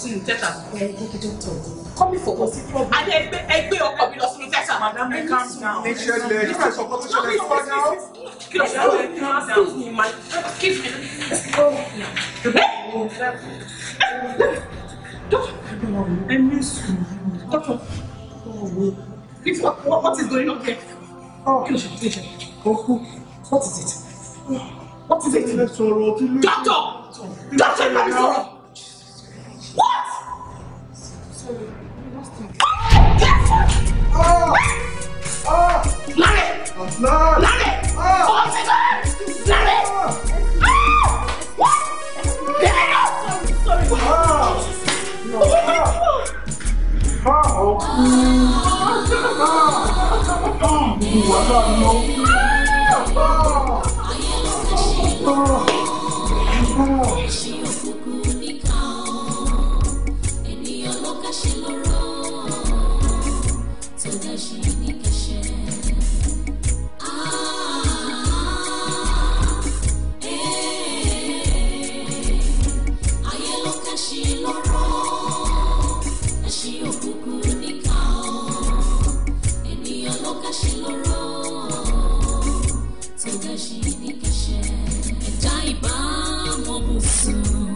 sínú tẹ́tà. ẹ ẹ gbé dọ́tọ̀ ni. kọ́mí fòkò sí problem. adé ẹgbẹ́ ẹgbẹ́ ọkọ mi lọ sínú tẹ́tà. madam ẹ calm down. ẹ ṣẹlẹ̀ nígbà tó kọ́ tó ṣẹlẹ̀ sí wọn náà. kí ló ṣe é calm down. kí ló ẹ ní sùúrù. dọ́tọ̀ what is going on here? Oh. kí ló ṣe kí ló ṣe? òkú what is it? what is it? doctor doctor ìbánisọ̀rọ̀. lálẹ́ ọtí bẹ́ẹ̀ lálẹ́ wọ́n lẹ́yìn náà sọ̀rọ̀ sọ̀rọ̀. Oh. ṣe ní kẹsẹ̀ ẹ̀dá ìbámu bùsùn.